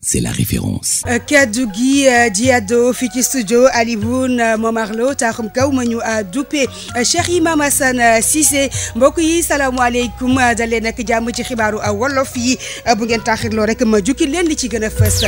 c'est la référence. Euh, kaddu gi euh, Diado fii ci studio Alioune euh, Momar Lo taaxum kaw ma ñu duppe Cheikh Imam Assane Cissé mbokk yi salaamaaleykum dal leen ak jàmm ci xibaaru wolof yi bu ngeen taaxirloo rek ma jukki leen li ci gën a fës.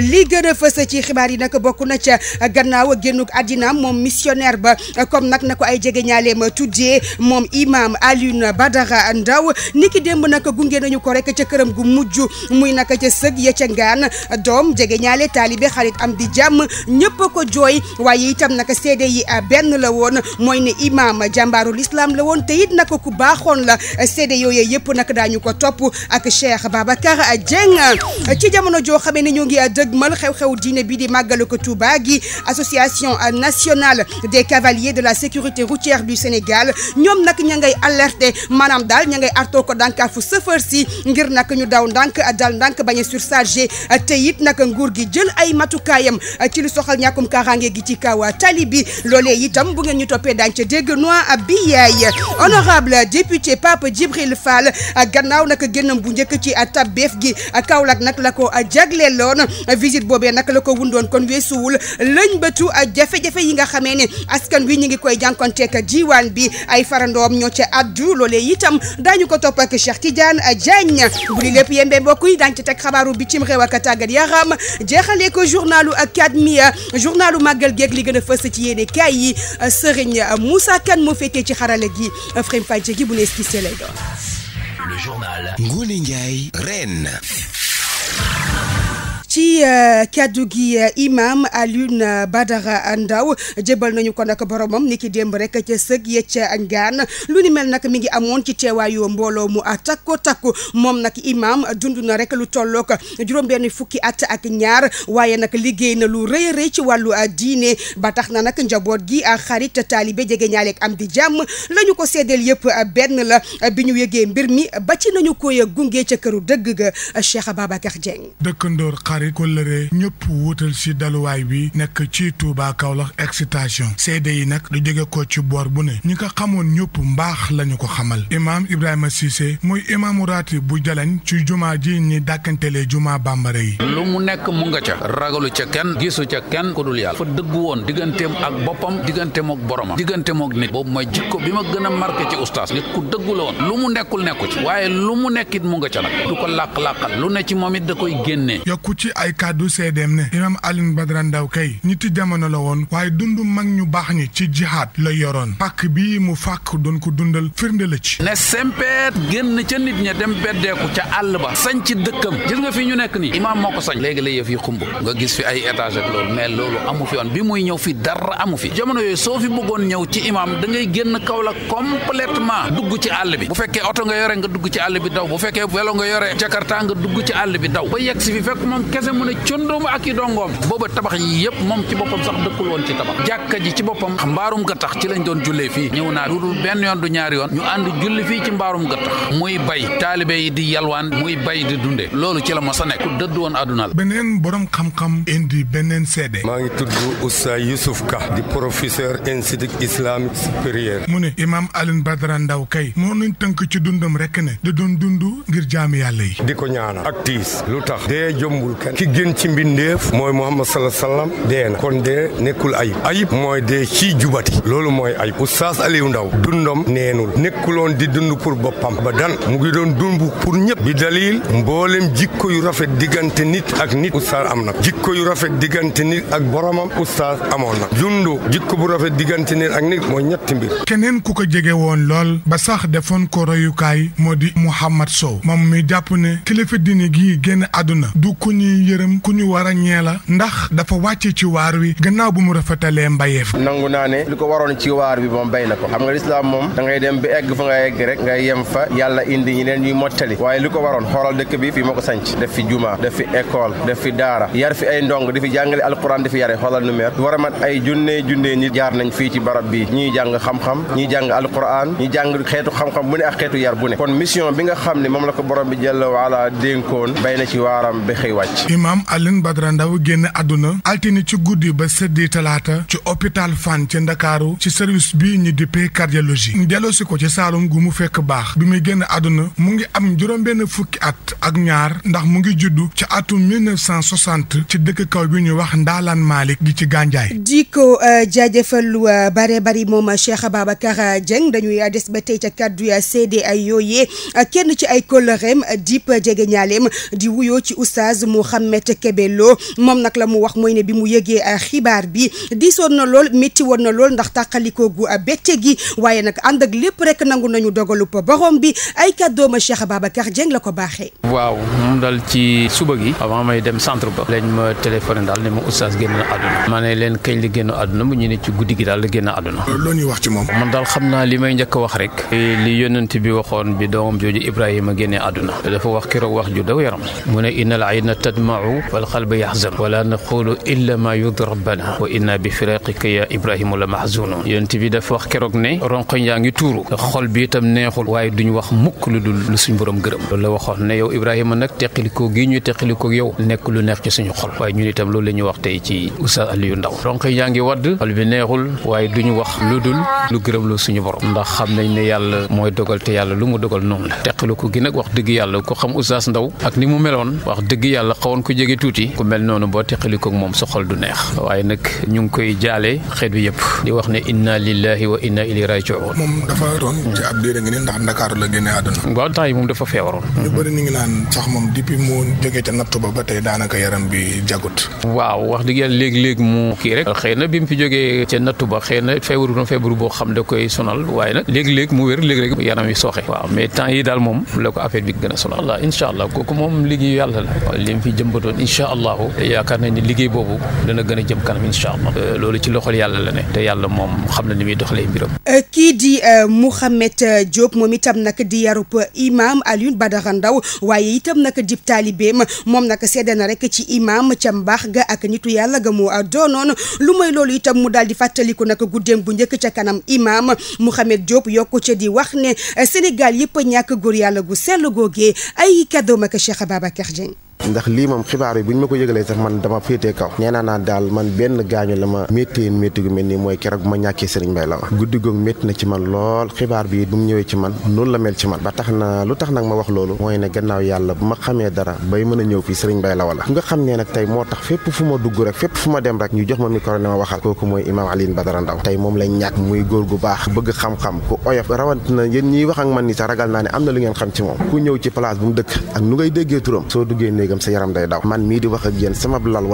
li gën a ci xibaar yi nag bokk na ca gannaaw génnuk àddinaam moom missionnaire ba comme nag na ko ay jegeñaaleem tuddee moom imam Alioune Badara Ndao niki démb nag gunge nañu ko rek ca këram gu mujj muy nak ca sëg ya ca ngaan. doom jege ñaale taalibe xarit am di jàmm ñëpp ko jooy waaye itam nag seede yi ah, benn la woon mooy ne imaam jàmbaarul islam la woon te it naka ku baaxoon la seede yooyu yëpp nag daañu ko topp ak Cheikh Babacar Dieng ci jamono joo xamee ne ñoo ngi ah, dëgmal xew-xew diine bi di màggalu ko Touba gi association nationale des cavaliers de la sécurité routière du Sénégal ñoom nag ña ngay alerté maanaam daal ña artoo ko dànkaafu sëfër si ngir nak ñu daw ndànk dal ndànk bañ a te it nag nguur gi jël ay matukaayam ah, ci lu soxal ñàkkum kaaraange gi ci kaw ah, tali bi loole itam bu ngeen ñu toppee daañu ca dégg noa bi yaay honorable député Pape Djibril Fall ah, gannaaw nag génnam bu njëkk ci a tabbeef gi Kaolack nag la ko jagleeloon visite boobee nag la ko wundoon kon weesuwul lëñ bëtu jafe-jafe yi nga xamee ne askan wi ñu ngi koy a jiwaan bi ay farandoom ñoo ca addu loolee itam ñu ko topp ak Cheikh Tidiane Diagne bu li lépp yembe mbokk yi daañu tàggat yaram jeexalee ko journalu académia journalu màggal geeg li gën a fës ci yéene kaay yi Serigne Moussa Kane moo ci xarala gi Frame Fadje gi bu nees ki lay doon. Le journal Ngone Ndiaye ci euh, kaddu gi euh, imaam Alioune euh, Badara Ndaw jëbal nañu ko nag boromam ni ki démb rek ca sëg ya ca ngaan lu ni mel nag mi ngi amoon ci teewaayu mbooloo mu takko takku moom nag imaam dundu na rek lu tollook juróom-benn fukki at ak ñaar waaye nag liggéey na lu rëy rëy ci wàllu diine ba tax na nag njaboot gi xarit taalibe jege ñaaleeg am di jàmm lañu ko seedeel yëpp benn la bi ñu yëgee mbir mi ba ci nañu koy gunge ca këru dëgg ga Cheikh Ababacar Dieng. dëkkandoor xarit kóllëre ñëpp wutal si daluwaay bi nekk ci Touba Kaolack excitation seede yi nag du jóge ko ci boor bu ne ñi ko xamoon ñëpp mbaax lañu ko xamal imaam Ibrahima Cissé mooy imaamu raati bu jalañ ci jumaa ji ñi dàkkantelee jumaa bambara yi lu mu nekk mu nga ca ragalu ca kenn gisu ca kenn ku dul yàlla fa dëggu woon digganteem ak boppam diggante ak boromam diggante ak nit boobu mooy jikko bi ma gën a marqué ci ustaas nit ku dëggu lu mu nekkul nekku ci waaye mu nga ca ci ay kàddu seedeem ne imaam Alioune Badara daw kay ñitti jamono la woon waaye dund mag ñu baax ñi ci jihaad la yoroon pàkk bii mu fàkk doon dundal firnde la ci ne sempeet génn ca nit ña dem beddeeku ca àll ba sañ ci dëkkam gis nga fi ñu nekk nii imaam moo ko sañ léegi la yëf yi xumb nga gis fi ay étage ak loolu mais loolu amu fi woon bi muy ñëw fi dara amu fi jamono yooyu soo fi bëggoon ñëw ci imaam da ngay génn kaw la complètement dugg ci àll bi bu fekkee oto nga yore nga dugg ci àll bi daw bu fekkee vélo nga yore jakarta nga dugg ci àll bi daw kese mu ne condoomu ak i dongoom booba tabax yi yëpp moom ci boppam sax dëkkul woon ci tabax jàkka ji ci boppam mbaarum ga ci lañ doon julle fii ñëw naa dudul benn yoon du ñaari yoon ñu ànd julli fii ci mbaarum ga tax muy bay taalibe yi di yalwaan muy bay di dunde loolu ci la ma sa nekk dëdd woon àdduna la beneen boroom xam-xam indi beneen seede maa ngi tudd Oustaz Youssouf Ka di professeur institut islamique supérieur mu ne imaam Alioune Badara Ndaw kay moo nuñ tënk ci dundam rekk ne da doon dund ngir jaami yàlla yi bakkan ki gën ci mbindeef mooy Muhammad sallallahu alayhi wasallam dee na kon dee nekkul ayib ayib mooy dee ci jubati loolu mooy ayib oustaz Aliou Ndaw dundam neenul nekkuloon di dund pour boppam ba dan mu doon dund pour ñëpp bi dalil mboolem jikko yu rafet diggante nit ak nit oustaz am na jikko yu rafet diggante nit ak boromam oustaz amoon na dund jikko bu rafet diggante nit ak nit mooy ñetti mbir keneen ku ko jege woon lool ba sax defoon ko royukaay moo di Mouhamad Sow moom mi jàpp ne kilifa diine gi génn àdduna du ku ñu ku ñu war a ñee la ndax dafa wàcce ci waar wi gannaaw bu mu rafetalee mbayeef nangu naa ne li ko waroon ci waar bi moom bay na ko xam nga lislaam moom da ngay dem bi egg fa nga egg rek nga yem fa yàlla indi ñi leen ñuy mottali waaye li ko waroon xoolal dëkk bi fii moo ko sanc def fi juma def fi école def fi daara yar fi ay ndong di fi jàngale alquran di fi yare xoolal nu meer war ay junnee junnee ñi jaar nañ fii ci barab bi ñiy jàng xam-xam ñiy jàng alquran ñiy jàng xeetu xam-xam ne xeetu yar bu ne mission bi nga xam ne moom la ko borom bi jalla waala dénkoon bay na ci waaram ba xëy imaam Alioune Badara Ndao génn àdduna altine ci guddi ba seddi talaata ci hôpital Fann ci ndakaaru ci service bi ñu dippee cardiologie njalosi ko ci saalum gu mu fekk baax bi muy génn àdduna mu ngi am juróom-benn fukki at ak ñaar ndax mu ngi juddu ci atum 1960 ci dëkk kaw bi ñuy wax Ndaalaan Malick gi ci Gandiaye. di ko euh, jaajëfal lu euh, bare bari moom euh, Cheikh Babacar Dieng dañuy des ba tey ca kàddu ya seede ay yooyee kenn ci ay kóllëreem dip jege ñaaleem di wuyoo Ahmed Kébé Lo moom nag la mu wax mooy ne bi mu yëgee euh, xibaar bi diisoon na lool métti woon na lool ndax tàqalikoo gu euh, becce gi waaye nag ànd ak lépp rek nangu nañu dogalu pa borom bi ay kàddooma Cheikh Babacar Dieng la ko baaxee. waaw mu dal ci suba gi avant may dem centre ba lañ ma daal ne ma oustaz génn na àdduna ma ne leen kañ génn àdduna mu ñu ne ci guddi gi daal la génn àdduna. Euh, loo ñuy wax ci moom. man daal xam naa li may njëkk a wax rek. li yonent bi waxoon bi doomam jooju Ibrahima génnee àdduna dafa wax keroog wax ju daw yaram mu ne innal ayna tat yadmau walxalba yaxzan wala naqulu illa ma yurdi rabbana wa inna bi firaqika ya ibrahimu la mahzunun yonent bi dafa wax keroog ne ronkoñ yaa ngi tuuru xol bi itam neexul waaye duñu wax mukk lu dul lu suñ borom gërëm loolu la waxoon ne yow ibrahima nag teqalikoo gi ñu teqalikoo yow nekk lu neex ci suñu xol waaye ñun itam loolu la ñu wax tey ci Oustaz Aliou ndaw ronkoñ yaa ngi wadd xol bi neexul waaye duñu wax lu dul lu gërëm lu suñu borom ndax xam nañ ne yàlla mooy dogal te yàlla lu mu dogal noonu la teqalikoo gi wax dëgg yàlla ko xam Oustaz Ndao xawoon ko jege tuuti ku mel noonu boo teqalikoog moom sa xol du neex waaye nag ñu ngi koy jaale xeet wi yëpp di wax ne inna lillahi wa inna ilayhi raji'un moom dafa doon ci ab déedéet ngi ne ndax Ndakaaru la génne àdduna waaw yi moom dafa feewaroon ñu bëri ñu ngi naan sax moom depuis mu jógee ca nattu ba ba tey daanaka yaram bi jagut waaw wax dëgg yàlla léeg-léeg mu kii rek xëy na bi mu fi jógee ca nattu ba xëy na feebaru na feebaru boo xam da koy sonal waaye nag léeg-léeg mu wér léeg-léeg yaram yi sooxe waaw mais temps yi daal moom la ko affaire bi gën a sonal incha allah kooku moom liggéeyu yàlla jëmbatoon incha allahu yaakaar nañ ni liggéey boobu dana gën a jëm kanam incha allah euh, loolu ci loxol yàlla la ne te yàlla moom xam na ni muy doxalee mbiram euh, kii di euh, Mouhamed Diop moom itam nag di yarub imam Alioune Badara Ndao waaye itam nag dib taalibeem moom nag seede na rek ci imam ca mbaax nga ak nitu yàlla ga mu doonoon lu mooy loolu itam mu daal di fàttaliku nag guddeem bu njëkk ca kanam imam Mouhamed Diop yokku ca di wax ne Sénégal yëpp ñàkk góor yàlla gu sell googee ay kàddoom ak Cheikh Babacar ndax lii moom xibaar yi bu ñu ma ko yëgalee sax man dama féetee kaw nee naa naa daal man benn gaañu la ma métti métti gu mel nii mooy keroog bu ma ñàkkee Serigne Mbaye la wax guddi googu métti na ci man lool xibaar bi bu mu ñëwee ci man noonu la mel ci man ba tax na lu tax nag ma wax loolu mooy ne gannaaw yàlla bu ma xamee dara bay mën a ñëw fii Serigne Mbaye la wala nga xam ne nag tey moo tax fépp fu ma dugg rek fépp fu ma dem rek ñu jox ma micro ne ma waxal kooku mooy Imam Alioune Badara Ndao tey moom lañ ñàkk muy góor gu baax bëgg xam-xam ku oyof rawant na yéen ñiy wax ak man ni sax ragal naa ne am na lu ngeen xam ci moom ku ñëw ci place bu mu dëkk ak nu ngay déggee turam soo duggee néegam sa yaram day daw man mii di wax ak yéen sama lal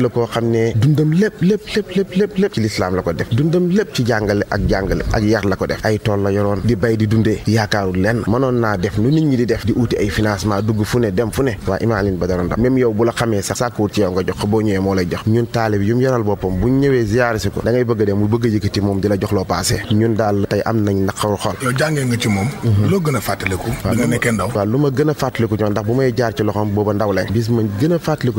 la la dundam lépp lépp lépp lépp lépp ci lislaam la ko def dundam lépp ci jàngale ak jàngale la ko def ay tool la yoroon di bay di dundee yaakaarul lenn mënoon naa def nu nit ñi di def di uuti ay financement dugg fu ne dem fu ne waa Imam Alioune Badara Ndao yow bu la xamee sax sàkkuwut ci yow nga jox ko ñëwee moo lay jox ñun taalib yu mu boppam bu ñëwee ziyaare ko da ngay a dem mu bëgg a ci moom mhm. loo gën a fàttaliku a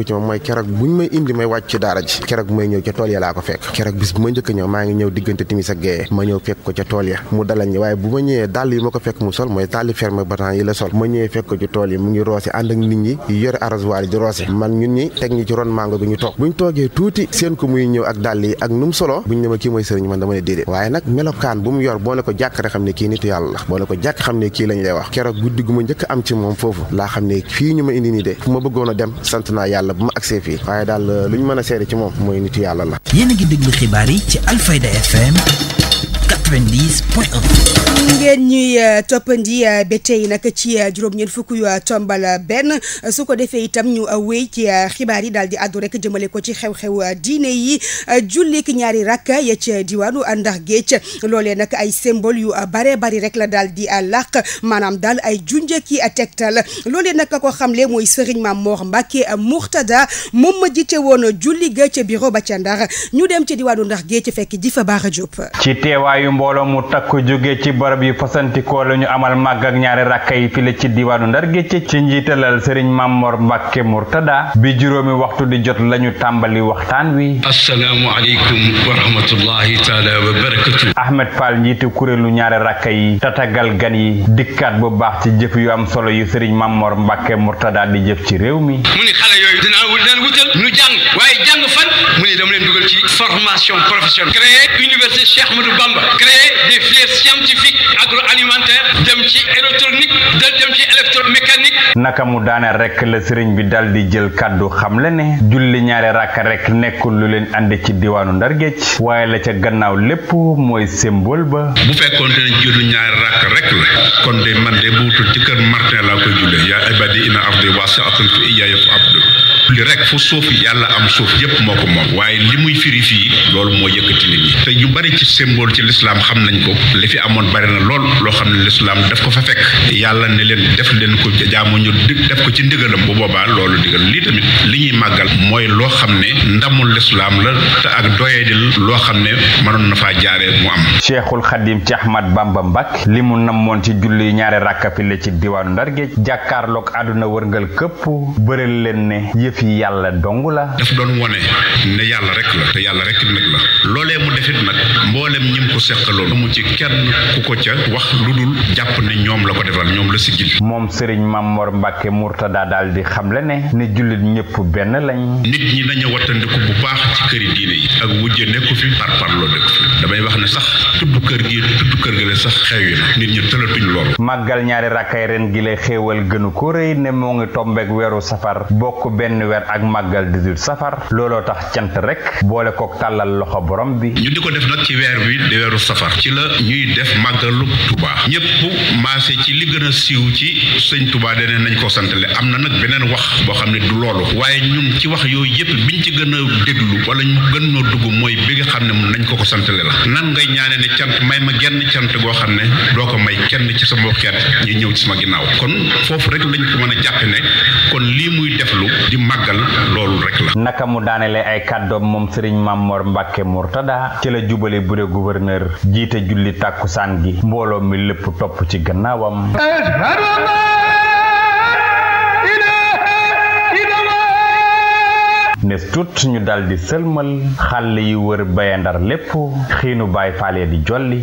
ci moom a mooy keroog buñ may indi may wàcc ci daara ji keroog bu may ñëw ca tool ya laa ko fekk keroog bis bu ma njëkk ñëw maa ngi ñëw diggante timis ak ma ñëw fekk ko ca tool ya mu dalañ waaye bu ma ñëwee dàll yi ma ko fekk mu ànd ak nit ñi yore arrosoir yi di roose man ñun ñi teg ñu ci ron mango bi ñu toog buñ toogee tuuti seen ko muy ñëw ak dàll yi ak num solo buñ ne ma kii mooy sëriñ man dama ne déedéet waaye nag melokaan bu mu yor boo ko jàkk rek xam ne kii nitu yàlla la boo ko jàkk xam ne kii lañ lay wax keroog guddi gu ma njëkk am ci moom foofu laa xam ne fii ñu ma indi nii de fu ma bëggoon a dem sant naa yàlla bu ma agsee fii waaye daal euh, lu ñu mën a seede ci la yéen 90 point 1. ngeen ñuy euh, toppandi euh, ba tey nag ci euh, juróom-ñeent fukk yu tombal benn su ko defee itam ñu wey ci xibaar yi daal di àddu rek jëmale ko ci xew-xew diine yi jullik ñaari rakk ya ci diwaanu ndax géej loolee nag ay symbole yu bare bari rek la daal di làq maanaam daal ay junjee ki tegtal loolee nag ko xamle mooy sëriñ Maam Moor Mbàkke Murtada moom ma jiite woon julli ga ca bureau ba ca Ndar ñu dem ci diwaanu ndax géej fekk ji fa baax a jóp mbooloo mu takk jóge ci barab yi fasantikoo la ñu amal màgg ak ñaari rakka yi file ci diwaanu ndar géej ci njiitalal sëriñ Mamor Mbàkke Murtada bi juróomi waxtu di jot lañu tàmbali waxtaan wi assalaamu aleykum wa rahmatullahi taala wa barakatu Ahmed Fall njiitu kuréelu ñaari rakka yi tatagal gan yi dikkaat bu baax ci jëf yu am solo yu sëriñ Mamor Mbàkke Murtada di jëf ci réew mi dama leen dugal naka mu daaneel rek la sëriñ bi daal di jël kàddu xam le ne julli ñaari rakka rek nekkul lu leen andi ci diwaanu Ndar waaye la ca gannaaw lépp mooy symbole ba. bu fekkoon ne julli ñaari rakka rek kon de man de bu wutul ci kër Martin laa koy jullee yaa ibadi ina ardi wasi'atun fa iyaaya fa'budu firi rek fu suuf yàlla am suuf yépp moo ko moom waaye li muy firi fii loolu moo yëkkati nit ñi te ñu bari ci symbole ci lislaam xam nañ ko li fi amoon bari na lool loo xam ne lislaam daf ko fa fekk yàlla ne leen def leen ko jaamu ñu def ko ci ndigalam bu boobaa loolu digal lii tamit li ñuy màggal mooy loo xam ne ndamul lislaam la te ak doyadil loo xam ne mënoon na fa jaaree mu am Cheikhul Khadim ci Ahmad Bamba Mbàkke li mu namoon ci julli ñaari ràkka fi la ci diwaanu Ndargéej jàkkaarloog àdduna wërngal këpp bëral leen ne yëf yëf yi yàlla dong la dafa doon wone ne yàlla rek la te yàlla rek nag la loolee mu defit nag mboolem ñim ko seqaloon amu ci kenn ku ko ca wax lu dul jàpp ne ñoom la ko defal ñoom la siggil moom sëriñ Mamor Mbàkke Murtada daal di xamle ne ne jullit ñëpp benn lañ nit ñi nañu wattandiku bu baax ci këri diine yi ak wujje nekku fi par parloo nekku fi damay wax ne sax tudd kër gi tudd kër gi la sax xew yi nit ñi tëlatuñ loolu màggal ñaari rakkay ren fanweer ak màggal 18 looloo tax cant rek boole kook tàllal loxo borom bi ñu di ko def nag ci weer bi di weeru safar ci la ñuy def màggalu Tuuba ñëpp maase ci li gën a siiw ci sëñ Tuuba deneen nañ ko santale am na nag beneen wax boo xam ne du loolu waaye ñun ci wax yooyu yëpp biñ ci gën a déglu wala ñu gën noo dugg mooy bi nga xam ne mun nañ ko ko santale la nan ngay ñaane ne cant may ma genn cant goo xam ne doo ko may kenn ci sama xeet ñi ñëw ci sama ginnaaw kon foofu naka mu daanelee ay kàddoom moom sëriñ Mamor Mbacke Mourtada ci la jubale bureau gouverneur jiite julli tàkkusaan gi mbooloo mi lépp topp ci gannaawam. nes tut ñu daldi di sëlmal xàll yi wër bayandar lépp xiinu baay faale di jolli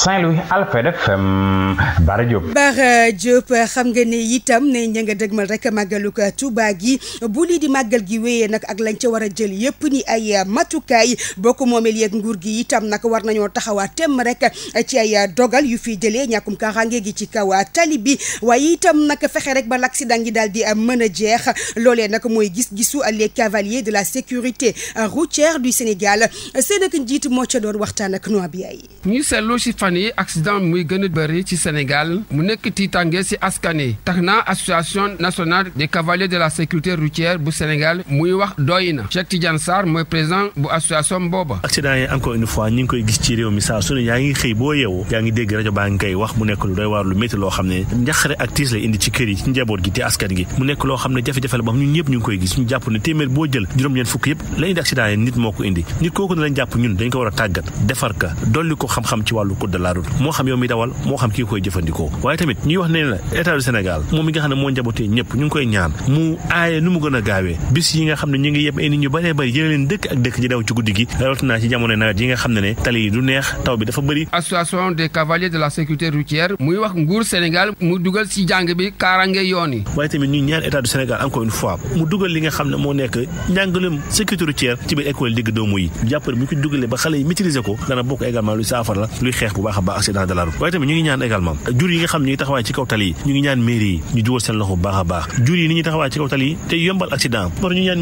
Saint-Louis Alfayda FM Bara Diop. Bara xam nga ne itam ne ña nga dëgmal rek màggalu ko gi bu lii di màggal gi wéyee nag ak lañ ca war a jël yëpp ni ay matukaay bokk moomeel yeeg nguur gi itam nak war nañoo taxawaat tem rek ci ay dogal yu fiy jëlee ñàkkum kaaraange gi ci kaw tali bi waaye itam nag fexe rek ba l'accident gi daal di mën a jeex loolee nak mooy gis-gisu les cavaliers de la sécurité routière du Sénégal seen ak njiit moo ca doon waxtaan ak fan yi accident muy gën bëri ci Sénégal mu nekk tiitange si askan yi tax na association nationale des cavaliers de la sécurité routière bu Sénégal muy wax doy na Cheikh Tidiane Sarr mooy président bu association booba. accident yi encore une fois ñu ngi koy gis ci réew mi su ne yaa ngi xëy boo yeewoo yaa ngi dégg rajo baa ngi wax mu nekk lu doy waar lu métti loo xam ne njaqare ak tiis lay indi ci kër yi ci njaboot gi te askan gi mu nekk loo xam ne jafe-jafe la de la route moo xam yow mi dawal moo xam kii koy jëfandikoo waaye tamit ñuy wax ne la état du Sénégal moom mi a une fois mu dugal li nga xam ne moo nekk njàngalem sécurité routière ci biir école digg doomu yi jàppale bu ñu dugalee ba xale yi maîtriser ko dana bokk également luy saafara luy xeex bu baax a baax accident de la route waaye tamit ñu ngi ñaan également jur yi nga xam ñu ngi ci kaw tali ñu ngi ñaan mairie ñu dugal seen loxo baax a baax jur ni ñuy taxawaay ci kaw tali te yombal accident pour ñaax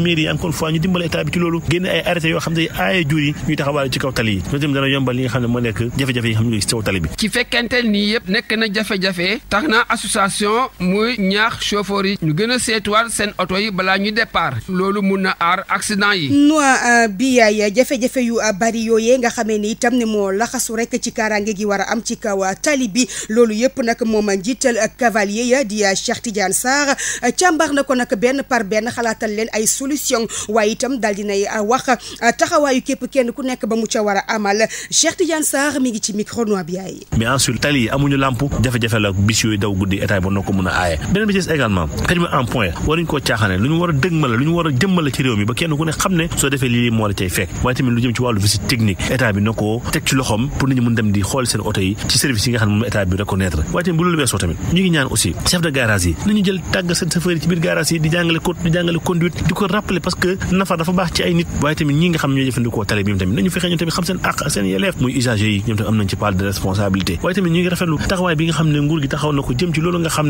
chauffeur yi ñu gën a seetuwaat seen oto yi balaa ñu départ loolu mun na aar accident yi noo euh, bi yaay jafe-jafe yu bari yooyee nga xamee ni itam ne moo laxasu rek ci kaaraange gi war a am ci kaw euh, tali bi loolu yëpp nag moom a njiital euh, cavalier ya di euh, Cheikh Tidiane Sarr càmbar na ko nag benn par benn xalaatal leen ay solution waaye itam daal dinay a amal Cheikh Tidiane Sarr yi amuñu làmp jafe-jafe la bis daw guddi état bi noo ko mën a aaye beneen bi ci également permis en point waruñ koo caaxaane lu ñu war a dëgmale lu ñu war a jëmmale ci réew mi ba kenn ku ne xam ne soo defee lii moo la cay fekk waaye tamit lu jëm ci wàllu visite technique état bi na seen oto yi ci service yi nga xam ne moom état bi reconnaître waaye tamit bu loolu weesoo tamit ñu ngi ñaan aussi chef de garage yi nañu jël tàgg seen chauffeur ci biir garage yi di jàngale code di ko rappeler parce que nafar dafa baax ci ay nit waaye tamit ñi nga xam ñoo jëfandikoo tali bi muy usagers yi ñoom tamit am nañ ci part de responsabilité waaye tamit ñu ngi rafetlu taxawaay bi nga xam ne nguur gi taxaw na ko jëm ci loolu nga xam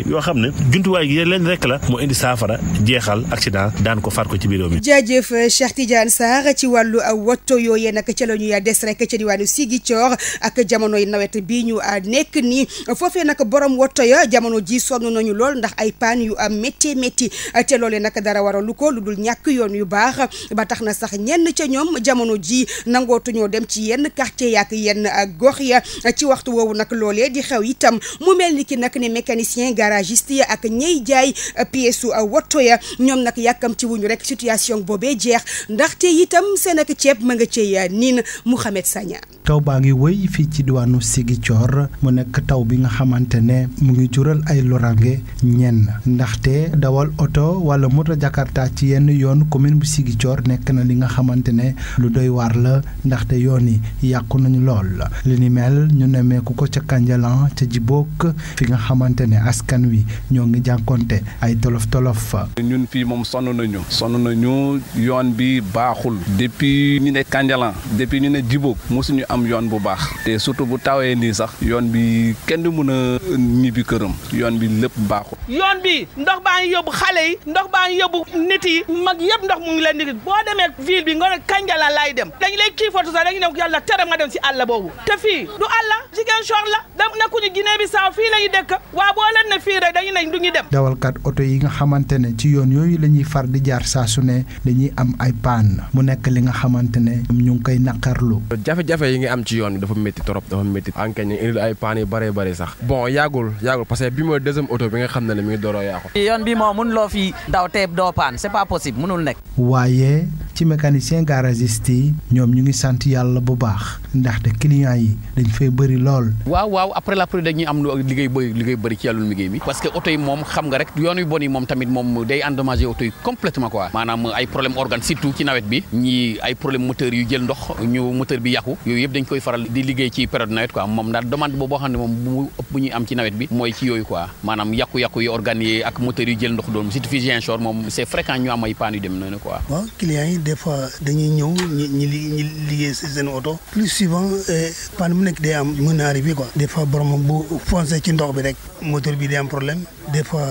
jumtuwaay yoo xam ne jumtuwaay gi leen rek la moo indi saafara jeexal accident daan ko far ko ci biir mi. jaajëf Cheikh Tidiane Sarr wàllu woto yooyee nag ca la ñuy des rek ca diwaanu Ziguinchor ak jamonoy nawet bi ñu nekk nii foofee nag borom woto ya jamono ji sonn nañu lool ndax ay paan yu am métti métti te loolee nag dara waralu ko lu dul ñàkk yoon yu baax ba tax na sax ñenn ca ñoom jamono ji nangootuñoo dem ci yenn quartier yaak yenn gox ya ci waxtu woowu nag loolee di xew itam mu mel ni ki nag ne mécanicien garagiste yi jaay euh, pièce su euh, woto ya ñoom nag yàkkam ci rek situation boobee jeex ndaxte itam seen ak ceeb ma nga cey euh, niin Mouhamed Sagna. taw baa ngi wëy fii ci diwaanu Ziguinchor mu nekk taw bi nga xamante ne mu ngi jural ay lorange ñenn ndaxte dawal oto wala moto jakarta ci yenn yoon commune bu Ziguinchor nekk na li nga xamante ne lu doy waar la ndaxte yoon yi yàqu nañu lool li ni mel ñu nemmeeku ko ca Kanjalan ca Djibok fi nga xamante ne askan askan wi ñoo ngi jànkoonte ay tolof tolof. ñun fii moom sonn nañu. sonn nañu yoon bi baaxul. depuis ñu ne Kandialan depuis ñu ne Djibock mosuñu am yoon bu baax. te surtout bu tawee nii sax yoon bi kenn du mën a ñibbi këram. yoon bi lépp baaxul. yoon bi ndox baa ngi yóbbu xale yi. ndox baa ngi yóbbu nit yi. mag yëpp ndox mu ngi leen di boo demee ville bi nga ne Kandialan dem. dañ lay kii foto sax dañu ne yàlla tere nga dem si àll boobu. te fii du àll jigéen soor fii rek dañu nañ du ñu dem. dawalkat oto yi nga xamante ne ci yoon yooyu la ñuy far di jaar saa su ne dañuy am ay panne mu nekk li nga xamante ne ñu ngi koy naqarlu. jafe-jafe yi nga am ci yoon bi dafa métti trop dafa métti. enquête ñu indil ay panne yu bëree bëri sax. bon yàggul yàggul parce bi mooy deuxième oto bi nga xam ne mi ngi dooroo yàqu. yoon bi moom mënuloo fi daw teeb doo panne c'est pas possible mënul nekk. waaye ci mécanicien garagiste yi ñoom ñu ngi sant yàlla bu baax ndaxte client yi dañ fay bëri lool. waaw waaw après la pluie dañuy am liggéey bëri liggéey bëri ci liggéey bi parce que oto yi moom xam nga rek yoon bon yi moom tamit moom day endommagé oto yi complètement quoi maanaam ay problème organe surtout ci nawet bi ñi ay problème moteur yu jël ndox ñu moteur bi yàqu yooyu yëpp dañ koy faral di liggéey ci période nawet quoi moom daal demande boobu xam ne moom bu ëpp ñuy am ci nawet bi mooy ci yooyu quoi maanaam yàqu-yàqu yi organe yi ak moteur yu jël ndox doon surtout fii Ziguinchor moom c'est fréquent ñu am ay am problème des fois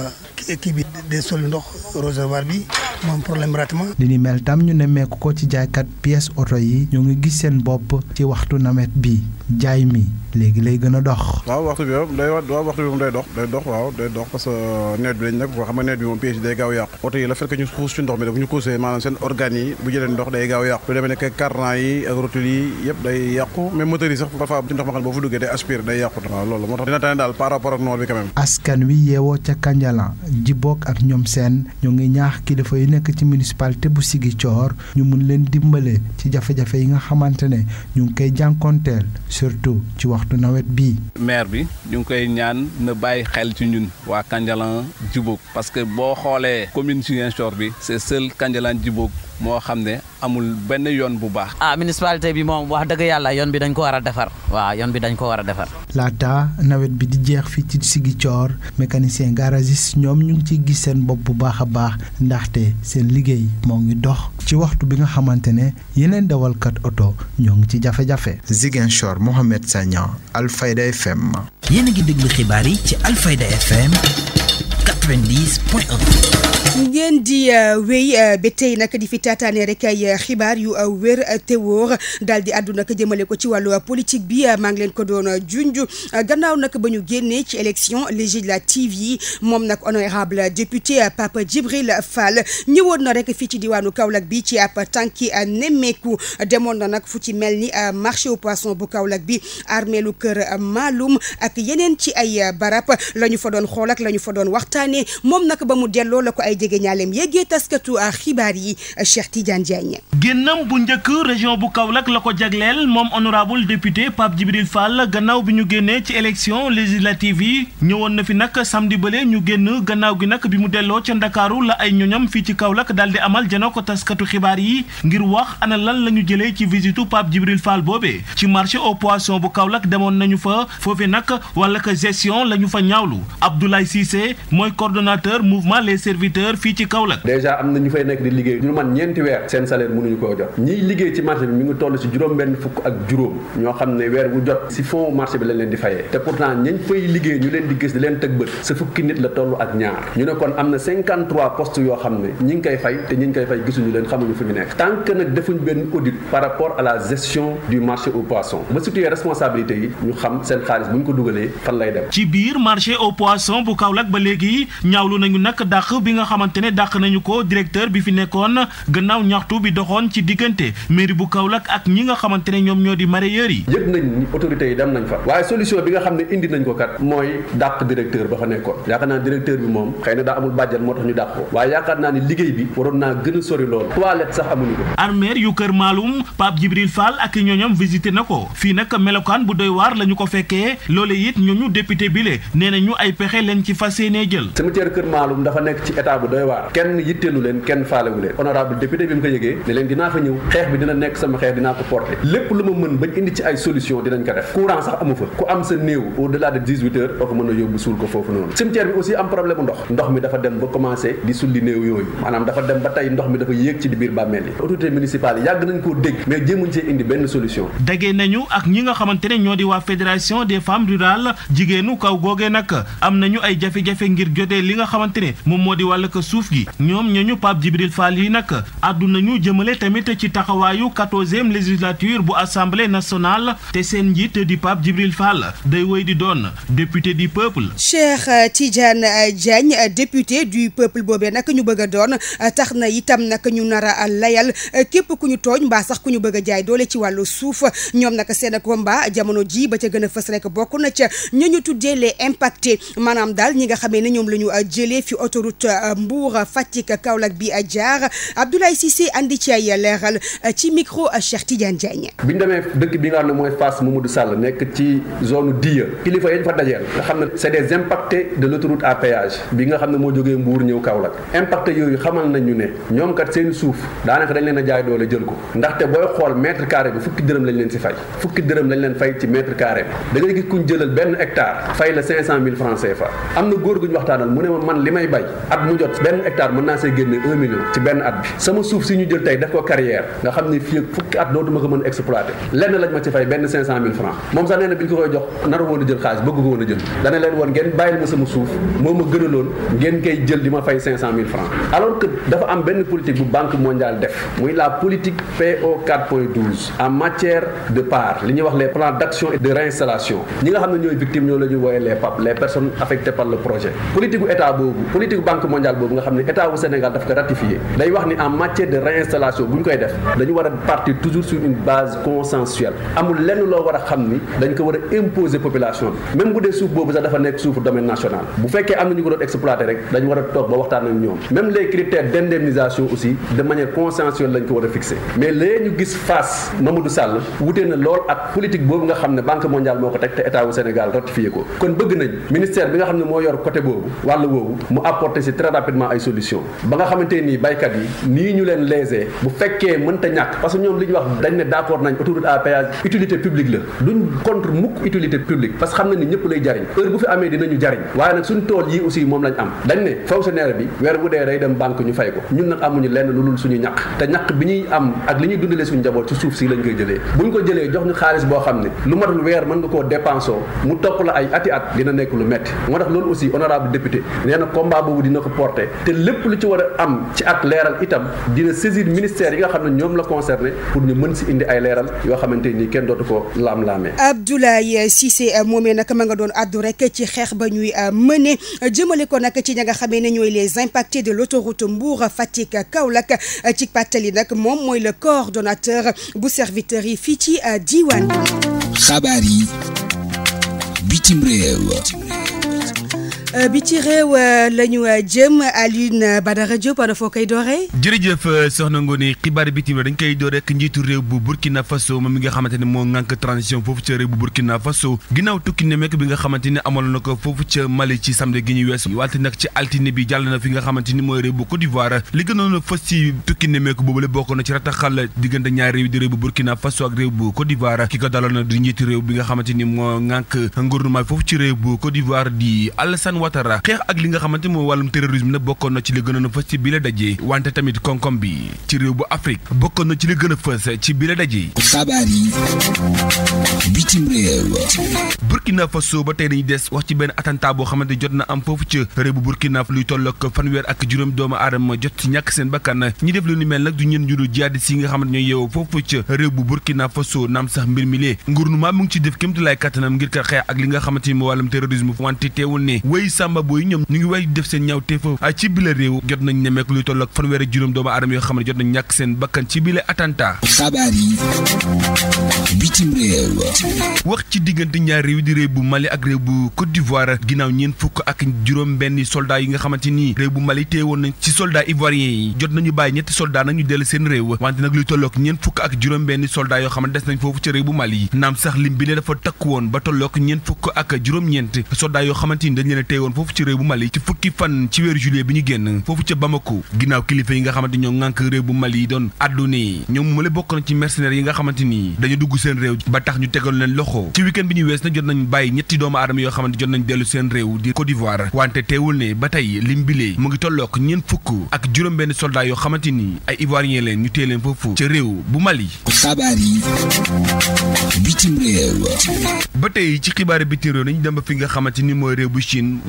kii bi day soli ndox réservoir bi mu am problème ratement. li mel tam ñu ne meeku ko ci jaaykat pièces oto yi ñoo ngi gis seen bopp ci waxtu nawet bi. jaay mi léegi lay gën a dox. waaw waxtu bi moom day waaw waxtu bi moom day dox day dox waaw day dox parce que euh, bi lañ nekk koo xam ne nawet bi moom piège day gaaw yàqu oto yi la fekk ñu xuus ci ndox mi dafa ñu xuusee maanaam seen bu jëlee ndox day gaaw yàqu lu demee nekk carnan yi ak yàqu même moteur yi sax parfois ci ndox ma moo tax dina tane daal par rapport ak noor bi quand même askan wi yeewoo ca ak ñoom seen ñoo ngi ñaax kilifa yi nekk ci municipalité bu Ziguinchor ñu mun leen dimbale ci jafe-jafe yi nga xamante ne ñu ngi koy jànkoonteel surtout ci waxtu nawet bii. maire bi ñu ngi koy ñaan na bàyyi xel ci ñun waa Kandialang Djibouck parce que boo xoolee commune Ziguinchor bi c'est seul Kandialang Djibouck moo xam ne amul benn yoon bu baax. ah municipalité bi moom wax dëgg yàlla yoon bi dañ ko war a defar waaw yoon bi dañ ko war a defar. laata nawet bi di jeex fii ci Ziguinchor mécanicien garagiste ñoom ñu ngi ci gis seen bopp bu baax a baax ndaxte seen liggéey moo ngi dox ci waxtu bi nga xamante ne yeneen dawalkat oto ñoo ngi ci jafe-jafe. Ziguinchor Mohamed Sagnan Alfayda FM. yéen a ngi déglu xibaar yi ci Alfayda FM ngeen di euh, wéy euh, ba tey nag di fi taataane rek ay euh, xibaar yu wér te wóor daal di àdduna ko jëmale ko ci wàllu politique bi maa ngi leen ko doon junj gannaaw nag ba ñu génnee ci élection législative yi moom nag honorable député Papa Djibril Fall ñëwoon na rek fii ci diwaanu Kaolack bi ci ab tànki nemmeeku demoon na nag fu ci mel ni marché au poisson bu Kaolack bi armeelu kër Maalum ak yeneen ci ay barab lañu fa doon xool ak la ñu fa doon waxtaanee moom nag ba mu delloo la ko ay jegeñaaleem yeggee taskatu ah, xibaar yi Cheikh Tidiane Diagne. génnam bu njëkk région bu Kaolack la ko jagleel moom honorable député Pape Djibril Fall gannaaw bi ñu génnee ci élection législative yi ñëwoon na fi nag samedi bële ñu génn gannaaw gi nag bi mu delloo ca Ndakaaru la ay ñoñam fii ci Kaolack daal di amal janoo ko taskatu xibaar yi ngir wax ana lan la ñu jëlee ci visitu Pape Djibril Fall boobe ci marché au poisson bu Kaolack demoon nañu fa foofe nag wala que gestion la ñu fa ñaawlu Abdoulaye Cissé mooy coordonnateur mouvement d'heure fii am na ñu fay nekk di liggéey ñu man ñeenti weer seen salaire mënuñu koo jot ñiy liggéey ci marché bi mi ngi toll ci juróom benn fukk ak juróom ñoo xam ne weer bu jot si fond marché bi lañ leen di fayee te pourtant ñañ fay liggéey ñu leen di gis di leen tëg bët sa fukki nit la toll ak ñaar ñu ne kon am na 53 yoo xam ne ñi ngi koy fay te ñi ngi koy fay gisuñu leen xamuñu fi ñu nekk tant que nag defuñ benn audit par rapport à la gestion du marché au poisson ba situé responsabilité yi ñu xam seen xaalis bu ñu ko fan lay dem ci biir marché au poisson bu Kaolack ba léegi ñaawlu xamante ne dàq nañu ko directeur bi fi nekkoon gannaaw ñaxtu bi doxoon ci diggante mairie bu Kaolack ak ñi nga xamante ne ñoom ñoo di mareyeur yi. yëg nañ ni yi dem nañ fa waaye solution bi nga xam ne indi nañ ko kat mooy dàq directeur ba fa nekkoon yaakaar naa directeur bi moom xëy na daa amul bàjjan moo tax ñu dàq ko waaye yaakaar naa ni liggéey bi waroon naa gën a sori lool toilette sax amuñu ko. armeer yu Kër Maalum Pape Djibril Fall ak ñooñam visité na ko fii nag melokaan bu doy waar la ko fekkee loole it ñooñu député bile nee na ñu ay pexe leen ci fas yéenee jël cimetière Kër Maalum dafa nekk ci état bu doy waar kenn yitteelu leen kenn faalewu leen honorable député bi mu ko yëgee ne leen dinaa fa ñëw xeex bi dina nekk sama xeex dinaa ko porté lépp lu ma mën bañ indi ci ay solution dinañ ko def courant sax amu fa ku am sa néew au delà de 18 heures doo mën a yóbbu suul ko foofu noonu cimetière bi aussi am problème bu ndox ndox mi dafa dem ba commencé di sulli néew yooyu maanaam dafa dem ba tey ndox mi dafa yéeg ci di biir bàmmeel yi autorité li nga xamante ak suuf gi ñoom ñooñu Pape Djibril Fall yi nag àddu nañu jëmale tamit ci taxawaayu quatorzième législature bu assemblée nationale te seen njiit di Pape Djibril Fall day woy di doon député du peuple. Cheikh Tidiane Diagne député du peuple boobee nag ñu bëgg a doon tax na itam nag ñu nar a layal képp ku ñu tooñ mbaa sax ku ñu bëgg a jaay doole ci wàllu suuf ñoom nag seen combat jamono ji ba ca gën a fës rek bokk na ca ñu ñu tuddee les impactés daal ñi Mbour Fatick Kaolack bi jaar Abdoulaye Cissé andi ci leeral ci micro Cheikh Tidiane Diagne. bi ñu demee dëkk bi nga xam ne mooy Fass Mamadou Sall nekk ci zone Diya kilifa yañ fa dajeel nga xam ne c'est des impactés de l'autoroute à péage bi nga xam ne moo jógee Mbour ñëw Kaolack impacté yooyu xamal nañ ñu ne ñoom kat seen suuf daanaka dañ leen a jaay doole jël ko ndaxte booy xool mètre carré bi fukki dërëm lañ leen si fay fukki dërëm lañ leen fay ci mètre carré bi da ngay gis kuñ am na góor guñ waxtaanal mu ne ma man li may benn hectare mën naa see génne un million ci benn at bi sama suuf si ñu jël tey def ko carrière nga xam ne fii fukki at dootuma ko mën a exploiter lenn lañ ma ci fay benn francs moom sax nee bi ñu koy jox naru woon jël xaalis bëgg ko woon jël dana leen woon ngeen bàyyil ma sama suuf moo ma gënaloon ngeen koy jël di ma fay francs alors que dafa am benn politique bu banque mondiale def muy la politique PO en matière de part li ñuy wax les plans d'action de réinstallation ñi nga xam ne ñooy victimes ñoo la ñuy boobu nga xam ne état bu Sénégal daf ko ratifié day wax ni en matière de réinstallation bu ñu koy def dañu war a partir toujours sur une base consensuelle amul lenn loo war a xam ni dañ ko war a imposer population bi même bu dee suuf boobu sax dafa nekk suufu domaine national bu fekkee am na ñu ko doon exploité rek dañu war a toog ba waxtaan ak ñoom même les critères d' aussi de manière consensuelle lañ ko war a fixé mais moo ko concrètement ay solution ba nga xamante nii baykat yi nii ñu leen léser bu fekkee mënta ñàkk parce ñoom li ñu wax dañ ne d'accord nañ autoroute à la duñ contre mukk utilité publique parce xam na ni lay jariñ heure bu fi amee dinañu jariñ waaye nag suñ tool yi aussi moom lañ am dañ ne fonctionnaire bi weer bu dee day dem banque ñu fay ko ñun nag amuñu lenn lu dul suñu ñaq te ñaq bi ñuy am ak li ñuy dundalee suñu njaboot ci suuf si lañ koy jëlee buñ ko jëlee jox ñu xaalis te lépp lu ci war a am ci ak leeral itam dina saisir ministère yi nga xam ne ñoom la concerné pour ñu mën si indi ay leeral yoo xamante ni kenn dootu ko laam-laamee. Abdoulaye Cissé euh, moomee nag ma nga doon àddu rek ci xeex ba ñuy euh, mëne jëmale ko nag ci ña nga xamee ne ñooy les impactés de l'autoroute Mbour Fatick Kaolack ci pàttali nag moom mooy le coordonnateur bu serviteurs yi fii ci euh, diwaan bi. xabaar yi bitim réew. Euh, bi ci réew euh, la ñu euh, jëm Alioune Badara Diop ana foo koy dooree. jërëjëf soxna Ngoné xibaar bitim dañ koy doore ak njiitu réew bu Burkina Faso moom mi nga xamante ne moo ŋànk transition foofu ca réew bu Burkina Faso ginnaaw tukki ne mekk bi nga xamante na ko foofu ca Mali ci samedi fi nga xamante ni mooy réew bu Côte d'Ivoire li gënoon a fës ci tukki na ci rataxal diggante ñaari réew bi nga xamante ni moo ŋànk gouvernement foofu ci réew bu Côte di Alassane Ouattara xeex ak li nga xamante mooy wàllum terrorisme nag bokkoon na ci li gënoon a fës ci bi la dajee wante tamit koom-koom bi ci réew bu Afrique bokkoon na ci li gën a fës ci bi la dajee. xabaar yi bitim réew. Burkina Faso ba tey dañuy des wax ci benn attentat xamante jot na am foofu ca réew bu Burkina luy tolloog fanweer ak juróom doomu aadama jot ci ñàkk seen bakkan ñi réew bu Burkina Faso naam sax mbir mi lee ngurnumaa mu ngi ci def kémtu laay ngir ka xeex ak li nga xamante ni wàllum terrorisme wante teewul ne way muy Samba Boy ñoom ñu ngi way def seen ñaaw teefa ah, ci bile réew jot nañ nemeek luy toll ci bile attentat wax ci diggante ñaar réew di réew bu Mali ak réew bu Côte d'Ivoire ginnaaw ñeent fukk ak juróom benn soldaa yi nga xamante nii réew bu Mali téye woon nañ ci soldat ivoirien yi jot nañu bàyyi ñetti soldat nag ñu dellu seen réew wante nag luy tollook ñeent fukk ak juróom benni soldaa yoo xam ne des nañ foofu ci réew bu Mali naam sax lim bi ne dafa takk woon ba tollook ñeent fukk ak juróom-ñeent soldat yoo xamante ni dañ leen woon foofu ci réew bu Mali ci fukki fan ci weeru juillet bi ñu génn foofu ca Bamako ginnaaw kilifa yi nga xamante ñoo ŋànk réew bu Mali yi doon addu ni ñoom mu la bokk na ci mercenaires yi nga xamante ni dañu dugg seen réew ba tax ñu tegal leen loxo ci week-end bi ñu wees na jot nañ bàyyi ñetti doomu yoo xamante jot nañ dellu seen réew di Côte wante teewul ne ba tey lim bilee mu ngi tollook ñeent fukk ak juróom-benn soldat yoo xamante ni ay ivoiriens leen ñu téye leen foofu ca réew bu Mali xabaar yi bitim ni mooy réew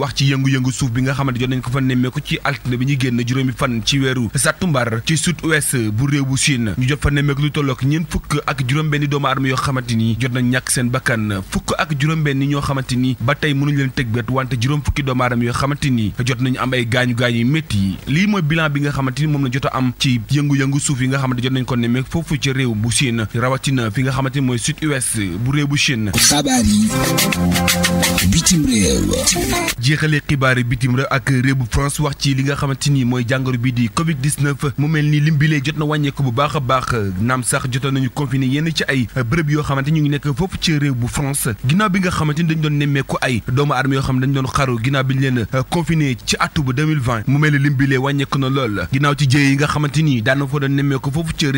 wax ci yëngu-yëngu suuf bi nga xamante jot nañ ko fa nemmeeku ci altine bi ñuy génn juróomi fan ci weeru sàttumbar ci sud ouest bu réew bu Chine ñu jot fa yoo xamante ni jot nañ ñàkk seen bakkan fukk ak juróom-benn ñoo xamante ni ba tey mënuñ leen teg bët wante juróom fukki doomu aadama yoo ni jot nañu am ay gaañu gaañu yu métti yi lii mooy bilan bi nga xamante ni moom la jot a am ci yëngu-yëngu suuf yi nga xamante jot nañ ko nemmeeku foofu ci réew bu Chine rawatina fi nga xamante ni mooy sud ouest bu réew bu Chine jeexalee xibaari bitim ra ak réewu France wax ci li nga xamante ni mooy jàngoro bi di Covid mu mel ni lim jot na wàññeeku bu baax a baax naam sax jotoon nañu confiné yenn ci ay bërëb yoo xamante ñu ngi nekk foofu ci réew bu France ginnaaw bi nga xamante ni dañ doon nemmeeku ay doomu armée yoo xam ne dañ doon xaru ginnaaw bi leen euh, confiné ci atu bu mu mel ni lim wàññeeku na lool ginnaaw ci jéye yi nga xamante ni daan foofu ci a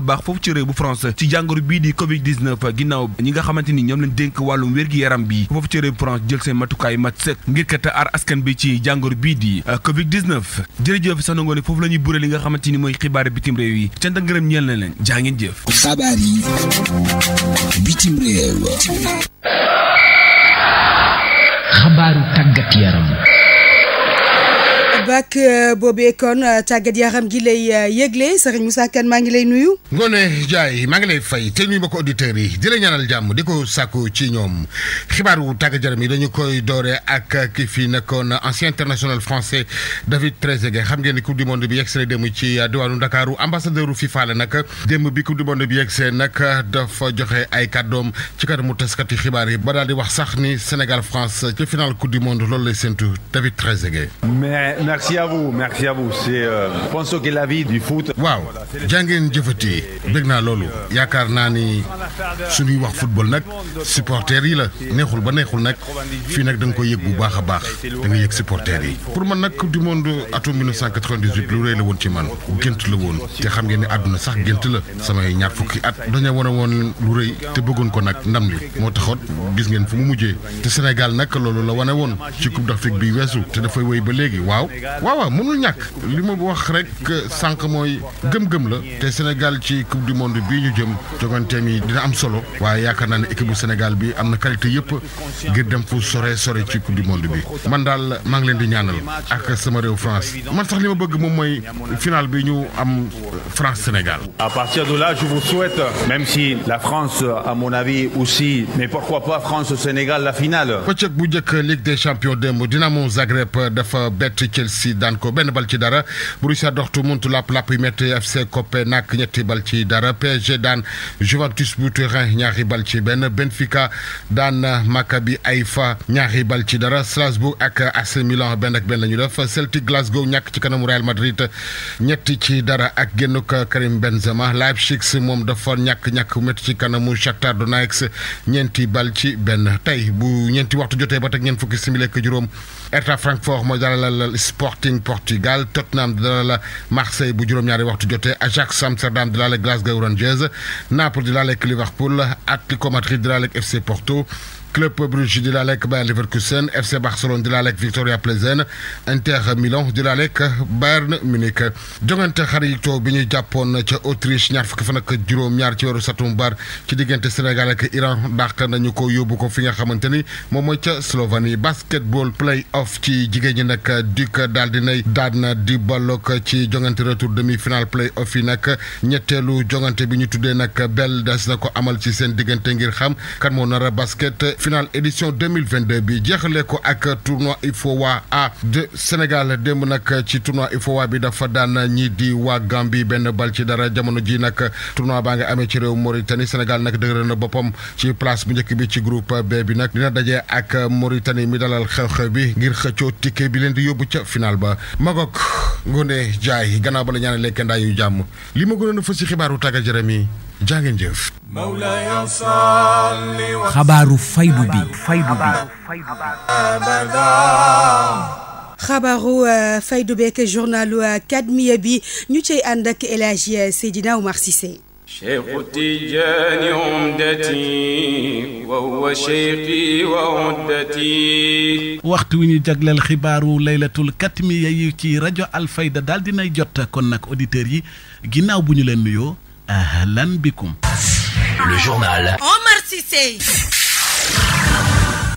baax foofu ci réew bu ñi xamante ni ñoom lañ dénk wàllum wér-gi-yaram bi foofu ci France jël seen matukaay mat sëkk ngir kat aar askan bii di euh, Covid 19 jërëjëf sax na ngoone foofu la ñuy buree li nga xamante ni mooy xibaar bitim réew yi cant ak ngërëm ñeel na leen jaa ngeen jëf. xabaar yi bitim réew. bak euh, boobee kon euh, tàggat xam gi lay euh, yëgle Serigne Moussa Kane maa ngi lay nuyu. Ngone Ndiaye maa ngi lay fay te nuyu mbokku auditeurs yi di la ñaanal jàmm di ko sàkku ci ñoom xibaaru tàggat yaram yi dañu koy doore ak ki fi nekkoon ancien international français David Trezeguet xam ngeen ni coupe du mond bi yegsee dem ci diwaanu Ndakaaru ambassadeur u FIFA la nag démb bi coupe du monde bi yegsee nag dafa joxe ay kaddoom ci kanamu taskati xibaar yi ba daal di wax sax ni Sénégal France ci final coupe du monde loolu lay séntu David Trezeguet. merci à vous merci à vous c'est je euh, pense que waaw jàngeen jëfati dégg naa loolu yaakaar naa ni suñuy wax football nag supporters yi la neexul ba neexul nag fii nag da nga koy yëg bu baax a baax da nga yëg supporters yi. pour man nag du monde atum 1998 lu rëy la woon ci man gént la woon te xam ngeen ne àdduna sax gént la samay ñaar fukki at dañoo wane woon lu rëy te bëggoon ko nag ndam li moo taxoon gis ngeen fu mu mujjee te Sénégal nag loolu la wane woon ci Coupe d'Afrique weesu te dafay wéy ba léegi waaw. waaw waaw mënul ñàkk li ma wax rek sànq mooy gëm-gëm la te Sénégal ci coupe du monde bi ñu jëm joganteem yi dina am solo waaye yaakaar naa ne équipe bu Sénégal bi am na qualité yëpp ngir dem fu sore sore ci coupe du monde bi man daal maa leen di ñaanal ak sama réew France man sax li ma bëgg moom mooy final bi ñu am France Sénégal. a partir de là je vous souhaite même si la France à mon avis aussi mais pourquoi pas France Sénégal la finale. bëccëg bu njëkk Ligue des champions démb Dinamo Zagreb dafa bett Chelsea Chelsea daan ko benn bal ci dara Borussia Dortmund lapp lapp yi metti FC Copenhague ñetti bal ci dara PSG daan Juventus bu Turin ñaari bal ci benn Benfica daan Maccabi Haifa ñaari bal ci dara Strasbourg ak AC Milan benn ak benn la ñu def Celtic Glasgow ñàkk ci kanamu Real Madrid ñetti ci dara ak génnuk Karim Benzema Leipzig moom dafa ñàkk ñàkk métti ci kanamu Shakhtar Donetsk ñeenti bal ci benn tey bu ñeenti waxtu jotee ba teg ñeent fukki simili ak juróom Hertha Francfort Sporting Portugal Tottenham di dalal Marseille bu juróom-ñaari waxtu jotee Ajax Amsterdam di laaleeg Glasgow Rangers Naples di laaleeg Liverpool Atlético Madrid di laaleeg FC Porto. Club Brugge dilaalek Bayer Leverkusen FC Barcelone dilaalek Victoria Plzen Inter Milan dilaalek Bayern Munich jongante xaritoo bi ñu jàppoon ca Autriche ñaar fukki fan ak juróom-ñaar ci weeru satumbar ci diggante Sénégal ak Iran dàq nañu ko yóbbu ko fi nga xamante ni moom mooy ca Slovanie basketball play off ci jigéen ñi nag Duc daal di nay daan na di balok ci jongante retour demi final play off yi nag ñetteelu jongante bi ñu tuddee nag bell des na ko amal ci seen diggante ngir xam finale édition 2022 bi jeexalee ko ak tournoi IFOA A de Sénégal démb nag ci tournoi IFOA bi dafa daan ñii di waa bi benn bal ci dara jamono ji nag tournoi baa ngi amee ci réew Mauritanie Sénégal nag dëgëral na boppam ci place bu njëkk bi ci groupe B bi nag dina daje ak Mauritanie mi dalal xew-xew bi ngir xëccoo ticket bi leen di yóbbu ca final ba Magog Ngoné Ndiaye gannaaw ba la ñaanalee kenn daa yu jàmm li ma gënoon a fës ci xibaaru tàggat yaram jàngeen jëf xabaaru faydu bi faydu bi xabaaru faydu beek euh, journalu euh, kadmiya bi ñu cay ànd ak El Hadji euh, Seydina Oumar Cissé Cheikhu Tijaani umdati wa huwa cheyqi wa uddati waxtu wi ñu jagleel xibaaru laylatul katmiya yi ci rajo Alfayda daal dinay jot kon nag auditeurs yi ginnaaw bu ñu leen nuyoo ahlan bikum. Le journal. Omar Cissé.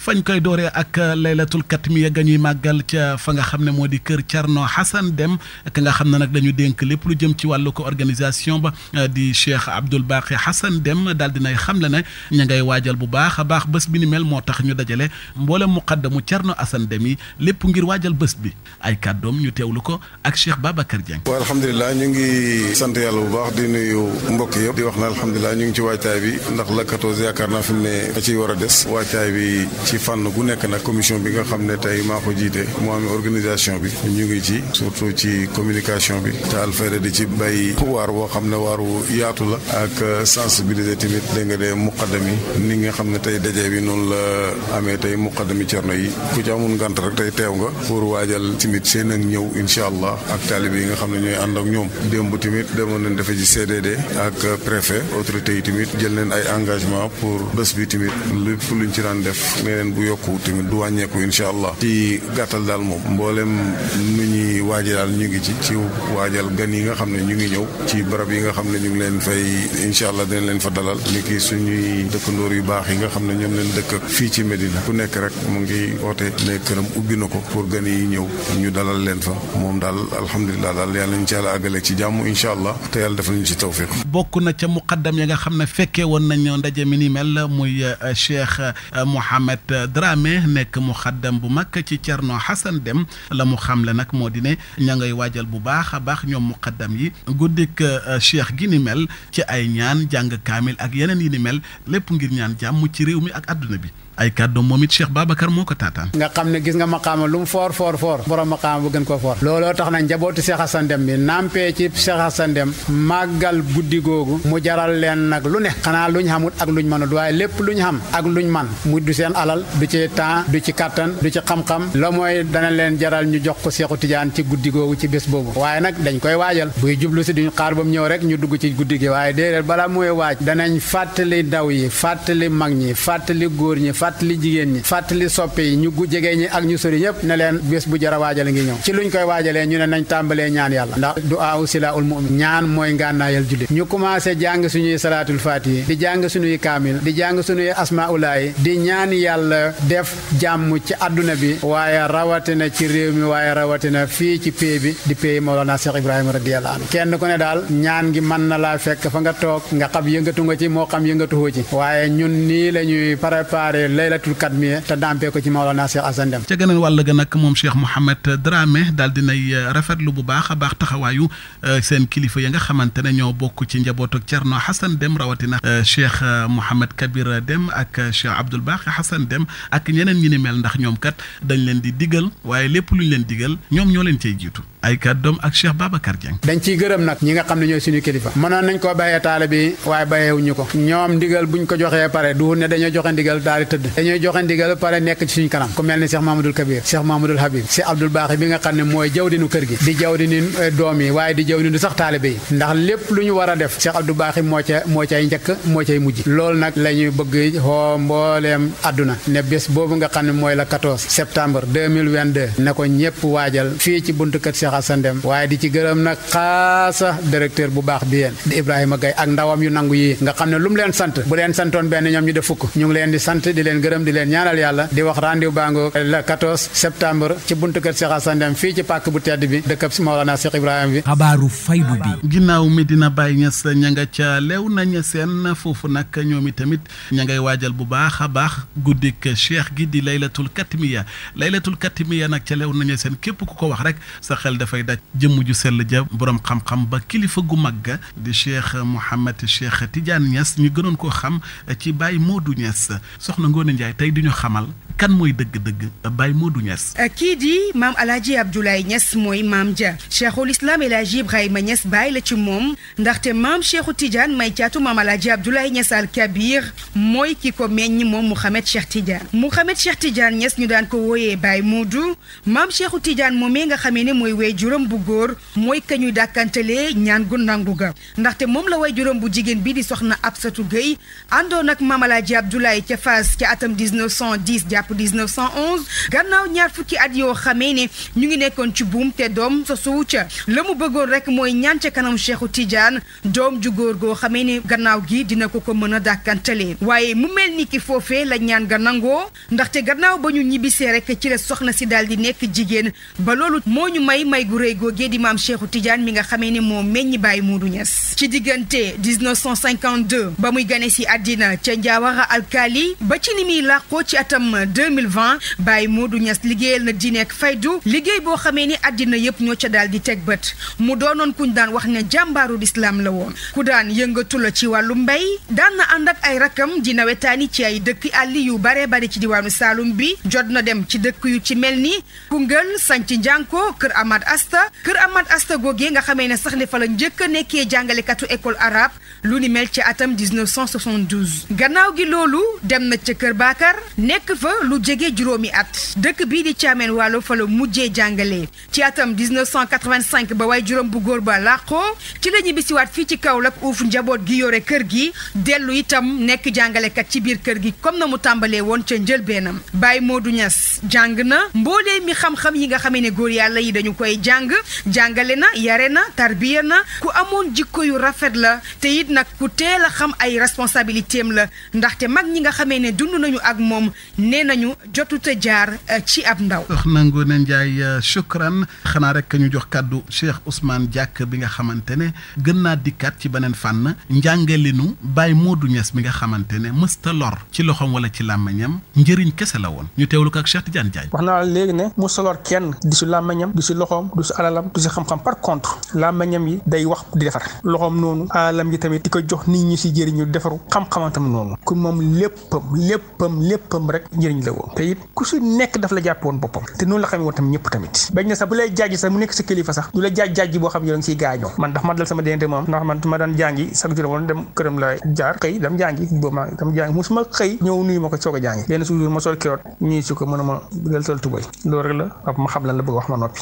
fañ koy dooree ak euh, laylatul katmiya ga ñuy màggal ca fa nga xam ne moo di kër Thierno Hassan dem ka nga xam ne nag dañu dénk lépp lu jëm ci wàllu ko organisation ba euh, di Cheikh Abdoul Baqi Hassan dem daal dinay xam le ne ña ngay waajal bu baax a baax bés bi ni mel moo tax ñu dajale mboolem muqaddamu Thierno Hassan Deme yi lépp ngir waajal bés bi ay kàddoom ñu teewlu ko ak Cheikh Babacar Dieng. waaw alhamdulilah ñu ngi sant yàlla bu baax di nuy mbokk yëpp di wax na alhamdulilah ñu ngi ci waajtaay bi ndax la 14 yaakaar naa fi mu ne ci war a des waajtaay bi ci fànn gu nekk nag commission bi nga xam ne tey maa ko jiite moo amee organisation bi ñu ngi ci surtout ci communication bi te Alfayda di ci bay waar woo xam ne waaru yaatu la ak sensibiliser tamit dégg nga de muqaddam yi ni nga xam ne tey daje bi noonu la amee tey muqaddami cerno yi ku ci amul ngant rek tey teew nga pour waajal tamit seen ak ñëw incha allah ak taalibe yi nga xam ne ñooy ànd ak ñoom démb tamit demoon nañ dafa ji CDD ak préfet autorité yi tamit jël nañ ay engagement pour bi tamit lépp beneen bu yokku tamit du wàññeeku incha allah ci gàttal daal moom mboolem nu ñuy waaje daal ñu ngi ci ci waajal gan yi nga xam ne ñu ngi ñëw ci barab yi nga xam ne ñu ngi leen fay incha allah dañ leen fa dalal ni ki suñuy dëkkandoor yu baax yi nga xam ne ñoom leen dëkk fii ci Medina ku nekk rek mu ngi oote ne këram ubbi na ko pour gan yi ñëw ñu dalal leen fa moom daal alhamdulilah daal yàlla ñu ci yàlla àggale ci jàmm incha allah te yàlla defal ñu ci tawfiq bokk na ca muqaddam ya nga Dramé nekk mu xaddam bu mag ci Thierno Hassan dem la mu xamle nag moo di ne ña ngay waajal bu baax a baax ñoom mu xaddam yi guddik euh, cheikh gi ni mel ci ay ñaan jàng kaamil ak yeneen yi ni mel lépp ngir ñaan jàmm ci réew mi ak àdduna bi. ay kàddu moom it Cheikh Babacar moo ko taataan nga xam ne gis nga maqaama lu mu foor foor foor borom maqaama bu gën koo foor looloo tax na njabootu Cheikh Assane Deme bi nampee ci Cheikh Assane Deme màggal guddi googu mu jaral leen nag lu ne xanaa luñ xamut ak luñ mënut waaye lépp luñ xam ak luñ man mu du seen alal du ci temps du ci kàttan du ci xam-xam la mooy dana leen jaral ñu jox ko Seexu Tijaan ci guddi googu ci bés boobu waaye nag dañ koy waajal buy jublu si duñ xaar ba mu ñëw rek ñu dugg ci guddi gi waaye déedéet bala mooy waaj danañ fàttali ndaw yi fàttali mag ñi fàttali góor ñi fàttali jigéen ñi fàttali soppe yi ñu gu jege ñi ak ñu sori ñëpp ne leen bés bu jara waajale ngi ñëw ci luñ koy waajalee ñu ne nañ tàmbalee ñaan yàlla ndax du aaw silaa ul mu'min ñaan mooy ngànnaayal jullit ñu commencé jàng suñuy salaatul faatihi di jàng suñuy kaamil di jàng suñuy asmaulaay di ñaan yàlla def jàmm ci àdduna bi waaye rawatina ci réew mi waaye rawatina fii ci pay bi di pay Mawlana Cheikh Ibrahima radiyallahu anhu kenn ku ne daal ñaan gi mën na laa fekk fa nga toog nga xam yëngatu nga ci moo xam yëngatuwoo ci laylatul kadmiya te dampee ko ci Maolana Cheikh Assane Deme ca geneen wàll ga nag moom Cheikh Mouhamed Dramé daal dinay eh, rafetlu bu baax a baax taxawaayu eh, seen kilifa yi nga xamante ne ñoo bokk ci njabootu Thierno Assane dem rawatina eh, Cheikh Mouhamed Kabir dem ak Cheikh Abdoul Baaxi Assane dem ak ñeneen ñi ndax ñoomkat dañ leen di digal waaye lépp lu ñu leen digal ñoom ñoo leen cay jiitu ay kàddoom ak Cheikh Babacar Dieng dañ ciy gërëm nag ñi nga xam ne ñooy suñu kilifa mënoon nañ koo bàyyee taale bi waaye bàyyeewuñu ko ñoom ndigal buñ ko joxee pare du ne dañoo joxe ndigal daal di tëdd dañoo joxe ndigal pare nekk ci suñu kanam ku mel ni Cheikh Mahamadoul Kabir Cheikh Mahamadoul Habib Cheikh Abdoul Baaxi ne mooy jaw dinu kër di jaw eh, doom yi waaye di jaw dinu sax taalibe yi ndax lépp lu ñu war a def Cheikh Abdoul Baaxi moo ca moo cay njëkk moo cay mujj loolu nag la ñuy bëgg xoo mbooleem adduna ne bés boobu nga xam ne mooy la 14 septembre 2022 na ko ñëpp waajal fii ci buntu kër Cheikh laxasa ndem waaye di ci gërëm nag xaasa directeur bu baax bi yéen di Ibrahima gay ak ndawam yu nangu yi nga xam ne lu mu leen sant bu leen santoon benn ñoom ñu def fukk ñu ngi leen di sant di leen gërëm di leen ñaanal yàlla di wax rendez-vous bango le 14 septembre ci buntu kër Cheikh Assane Dème fii ci pàkk bu tedd bi dëkkab si Mawlana Cheikh Ibrahima bi xabaaru faydu di ginnaaw Medina Baye Niass ña nga ca lew na seen foofu nag ñoom i tamit ña ngay waajal bu baax a baax guddik cheikh gi di laylatul katmiya laylatul katmiya nag ca leew naña seen képp ku xel dafay daj jëmm ju sell ja borom xam-xam ba kilifa gu màgga di cheikh Mouhamed Cheikh Tidiane Niass ñu gënoon koo xam ci Baye Modou Niass soxna Ngoone Ndiaye tey di ñu xamal kan mooy dëgg-dëgg Baye Modou Niass. Euh, kii di maam El Hadj Abdoulaye Niass mooy maam ja cheikhul islam El Hadj ma Niass bàyyi la ci moom ndaxte maam cheikhu Tidiane may caatu maam El Hadj Abdoulaye Niass al Kabir mooy ki ko meññ moom Mouhamed Cheikh Tidiane Mouhamed Cheikh Tidiane Niass ñu daan ko wooyee waajuram bu góor mooy ka ñuy dàkkantelee ñaan gu nangu ga ndaxte moom la juróom bu jigéen bi di soxna Absatu Gueye àndoon ak Mamalaaji Abdoulaye ca Fass ca atam 1910 jàpp 1911 gannaaw ñaar fukki at yoo xamee ne ñu ngi nekkoon ci buum te doom sosuwu ca la mu bëggoon rek mooy ñaan ca kanam Cheikhu Tidiane doom ju góor goo xamee ne gannaaw gi dina ko ko mën a dàkkantelee waaye mu mel ni ki foofe la ñaan ga nangoo ndaxte gannaaw ba ñu ñibbisee rek ci la soxna si daal di nekk jigéen may gu rëy googee di maam Cheikhou Tidiane mi nga xamee ne moo meññ Baye Modou Niass ci diggante ba muy gane si àddina ca Njaawara alkaali ba ci ni muy làqoo ci atam 2020 Baye du Niass liggéeyal na diine ak faydu liggéey boo xamee ni àddina yépp ñoo ca daal di teg bët mu doonoon kuñ daan wax ne jàmbaaru lislaam la woon ku daan yëngatu la ci wàllu mbay daan na ànd ak ay rakkam di nawetaani ci ay dëkk àll yu bare bare ci diwaanu Saalum bi jot na dem ci dëkk yu ci mel ni Asta kër Ahmad Asta googee nga xamee ne sax ne fala njëkk a nekkee jàngalekatu école arabe lu ni mel ci atam 1972 gannaaw gi loolu dem na ca kër Bakar nekk fa lu jege juróomi at dëkk bii di Thiamène Walo fa la mujjee jàngale ci atam 1985 ba waaye juróom bu góor ba làqoo ci la ñibbisiwaat fii ci Kaolack uuf njaboot gi yore kër gi dellu itam nekk jàngalekat ci biir kër gi comme na mu tàmbalee woon ca njëlbeenam moo du Niass jàng na mboolee mi xam-xam yi nga xamee ne góor yàlla yi dañu koy jàng jàngale na yare na tarbiya na ku amoon jikko yu rafet la te it nag ku teel a xam ay responsabilité am la ndaxte mag ñi nga xamee ne dund nañu ak moom nee nañu jotu te jaar euh, ci ab ndaw. soxna Ngoné Ndiaye euh, shukran xanaa rek ñu jox kàddu Cheikh Ousmane jàkk bi nga xamante ne gën naa dikkaat ci beneen fànn bàyyi moo du Niass mi nga xamante ne mësta lor ci loxoom wala ci làmmiñam njëriñ kese la woon ñu teewlu ko ak Cheikh Tidiane Diagne. wax naa loxoom du si alalam du si xam-xam par contre la meññam yi day wax di defar loxoom noonu alalam yi tamit di ko jox nit ñi si jëriñu defaru xam-xamam tam noonu ku moom léppam léppam léppam rek la woon te it ku si nekk daf la jàpp woon boppam te noonu la xamee tam ñëpp tamit bañ na sax bu lay jaaj sax mu nekk sa kilifa sax du la jaaj jaaj boo xam ne da nga siy gaañoo man ndax man dal sama dénte moom ndax man ma daan jàngi chaque jour woon dem këram la jaar xëy dam jàngi boobu maa dam jàngi musuma xëy ñëw nuyu ma ko soog a jàngi benn sujour ma sol kiroot ñii su ko mën a ma dal sol tubay loolu rek la ma xam lan la bëgg wax ma noppi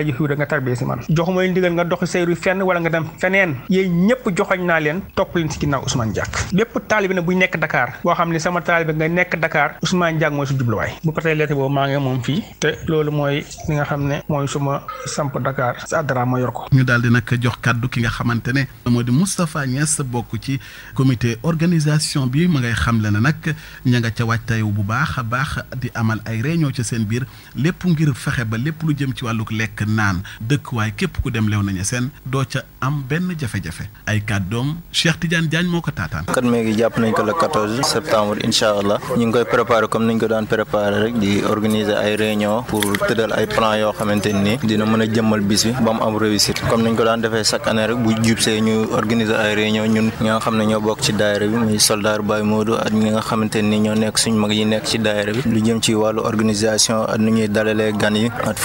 laa jox da nga tarbee si man joxuma leen digal nga doxi sayru fenn wala nga dem feneen yéen ñëpp joxoñ naa leen topp leen si ginnaaw Ousmane Diack bépp taalibe na buy nekk dakaar boo xam ne sama taalibe nga nekk Dakar Ousmane Diack mooy su jubluwaay bu patee lettre boobu maa ngi moom fii te loolu mooy li nga xam ne mooy suma samp dakaar si àddara ma yor ko ñu daal di nag jox kàddu ki nga xamante ne moo di Moustapha Niass bokk ci comité organisation bi ma ngay xamle ne nag ña nga ca waajtayu bu baax a baax di amal ay réunion ci seen biir lépp ngir fexe ba lépp lu jëm ci wàlluk lekk naan dëkkuwaay képp ku dem Léona Niassène doo ca am benn jafe-jafe ay kàddoom Cheikh Tidiane Diagne moo ko taataan. kat meegi jàpp nañ ko le 14 septembre incha allah ñu ngi koy préparé comme niñ ko daan préparé rek di organiser ay réunion pour tëddal ay plan yoo xamante ni dina mën a jëmmal bis bi ba mu am réussite comme niñ ko daan defee chaque année rek bu jubsee ñu organiser ay réunion ñun ñoo xam ne ñoo bokk ci daayira bi muy soldaar Baye Modou ak ñi nga xamante ni ñoo nekk suñ mag yi nekk ci daayira bi lu jëm ci wàllu organisation ak nu ñuy dalalee gan yi ak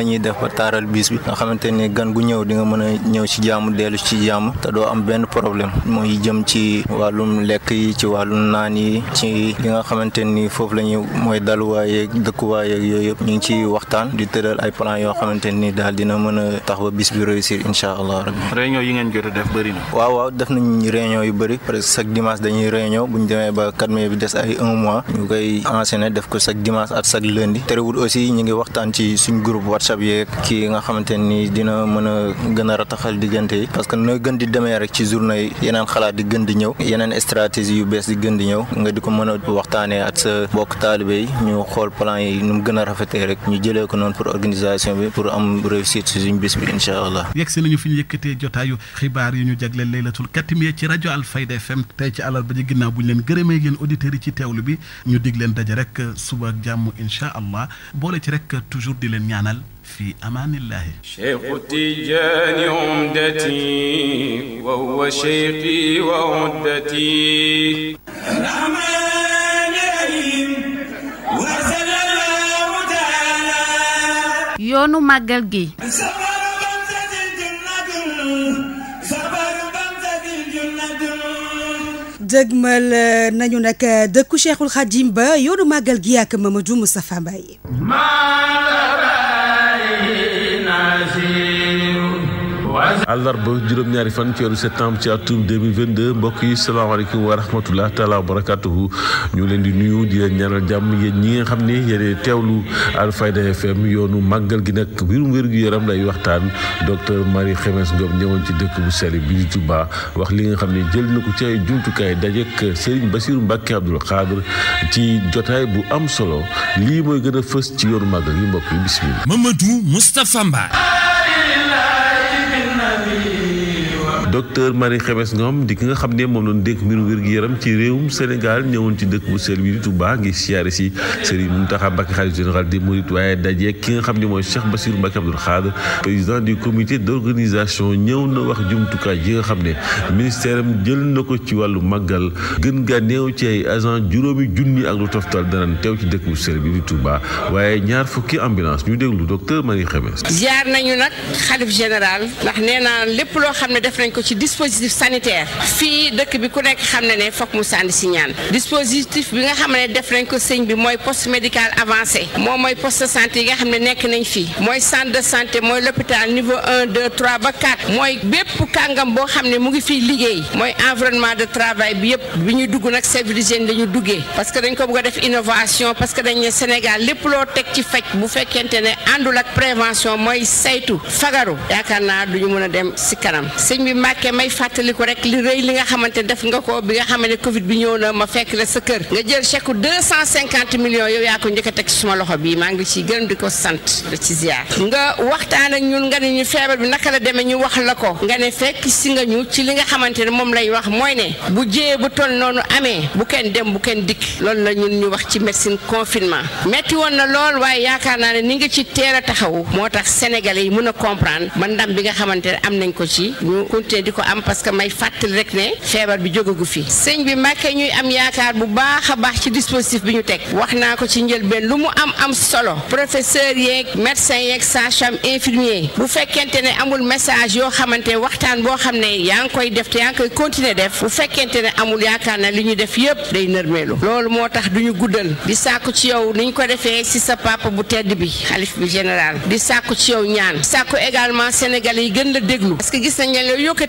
la ñuy def ba taaral bis bi nga xamante ni gan gu ñëw di nga mën a ñëw ci jàmm dellu ci jàmm te doo am benn problème mooy jëm ci wàllum lekk yi ci wàllum naan yi ci li nga xamante ni foofu la ñuy mooy daluwaay yeeg dëkkuwaay yeeg yooyu yëpp ñu ngi ciy waxtaan di tëral ay plan yoo xamante ni daal dina mën a tax ba bi réussir incha allah rabbi. réunion yi ngeen jot def bëri na. waaw waaw def nañ réunion yu bëri presque chaque dimanche dañuy réunion bu ñu demee ba 4 mai bi des ay un mois ñu koy enseigner def ko chaque dimanche at chaque lundi terewul aussi ñu ngi waxtaan ci suñ groupe WhatsApp match-up yeeg kii nga xamante ni dina mën a gën a rataxal diggante yi parce que nooy gën di demee rek ci journée yi yeneen xalaat di gën di ñëw yeneen stratégie yu bees di gën di ñëw nga di ko mën a waxtaanee ak sa bokk taalibe yi ñu xool plan yi nu mu gën a rafetee rek ñu jëlee ko noonu pour organisation bi pour am réussite si suñ bis bi incha allah. yegg si nañu fi ñu yëkk yëkkatee jotaayu xibaar yi ñu jagleel laylatul katmiya ci rajo Alfayda FM tey ci àllarba ji ginnaaw bu ñu leen gërëmee yéen auditeurs yi ci teewlu bi ñu dig leen daje rek suba ak jàmm incha allah boole ci rek toujours di leen ñaanal fi amaanillaahi cheikhu tijaani umdati wa huwa cheikhi wa uddati yoonu màggal gi dëgmal nañu nag dëkku Cheikhul Khadim ba yoonu màggal gi ak Mamadou Moustapha Mbaye àllarba juróom-ñaari fan ci weeru septembre ci atum 2022 mbokk yi salaamaaleykum wa rahmatullah taala wa barakatuhu ñu leen di nuyu di leen jàmm yéen ñi nga xam ne yéen teewlu Alfayda FM yoonu màggal gi nag mbirum wér gu yaram lay waxtaan docteur Marie Khemesse Ngom ñëwoon ci dëkk bu sell bi di Touba wax li nga xam ni jël na ko ci ay jumtukaay dajek Serigne Bassirou Mbacké Abdoul Khadre ci jotaay bu am solo lii mooy gën fës ci yoonu màggal yi mbokk yi bismillah Mamadou Moustapha Mbaye docteur Marie Khemesse Ngom di ki nga xam ne moom doon dénk mbiru wér-gu-yaram ci réewum Sénégal ñëwoon ci dëkk bu sell bi di Touba ngir siyaare si Serigne Mountakha Mbacké xalifa général des Mourides waaye daje ki nga xam ne mooy Cheikh Bassirou Mbacké Abdoul Khadre président du comité d'organisation ñëw na wax jumtukaay ji nga xam ne ministère am jël na ko ci wàllu màggal gën gaa néew ci ay agent juróomi junni ak lu toftal danañ tew ci dëkk bu sell bi di Touba waaye ñaar fukki ambulance ñu déglu docteur Marie Khemesse ziar ci dispositif sanitaire fii dëkk bi ku nekk xam na ne foog mu sànni si ñaan dispositif bi nga xam ne def nañ ko sëñ bi mooy post médical avancé moom mooy poste santé yi nga xam ne nekk nañ fii mooy centre de santé mooy l'hôpital niveau un deux trois ba quatre mooy bépp kàngam boo xam ne mu ngi fii liggéey mooy environnement de travail bi yëpp bi ñuy dugg nag service d'hygiène dañu duggee parce que dañ ko bëgg def innovation parce que dañ Sénégal lépp loo teg ci faj bu fekkente ne àndul ak prévention mooy saytu fagaru yaakaar naa duñu mën a dem si Mbacke may fàttaliku rek li rëy li nga xamante def nga ko bi nga xam ne Covid bi ñëw na ma fekk la sa kër nga jël chèque deux yow yaa ko njëkk a teg ci suma loxo bii maa ngi ciy gërëm di ko sant da ci ziar nga waxtaan ak ñun nga ne ñu feebar bi naka la demee ñu wax la ko nga ne fekk si nga ñu ci li nga xamante ne moom lay wax mooy ne bu jiyee bu toll noonu amee bu kenn dem bu kenn dikk loolu la ñun ñu wax ci médecine confinement metti woon na lool waaye yaakaar naa ne ni nga ci teel a taxawu moo tax sénégalais yi mën a comprendre ba ndam bi nga xamante di ko am parce que may fàttali rek ne feebar bi jógagu fi sëñ bi Mbàkke ñuy am yaakaar bu baax a baax ci dispositif bi ñu teg wax naa ko ci njëlbeen lu mu am am solo professeur yeeg médecin yeeg sage-femme infirmier bu fekkente ne amul message yoo xamante waxtaan boo xam ne yaa ngi koy def te yaa ngi koy continuer def bu fekkente ne amul yaakaar na li ñu def yëpp day nërmeelu loolu moo tax du ñu guddal di sàkku ci yow ni ko defee si sa papa bu tedd bi xalif bi général di sàkku ci yow ñaan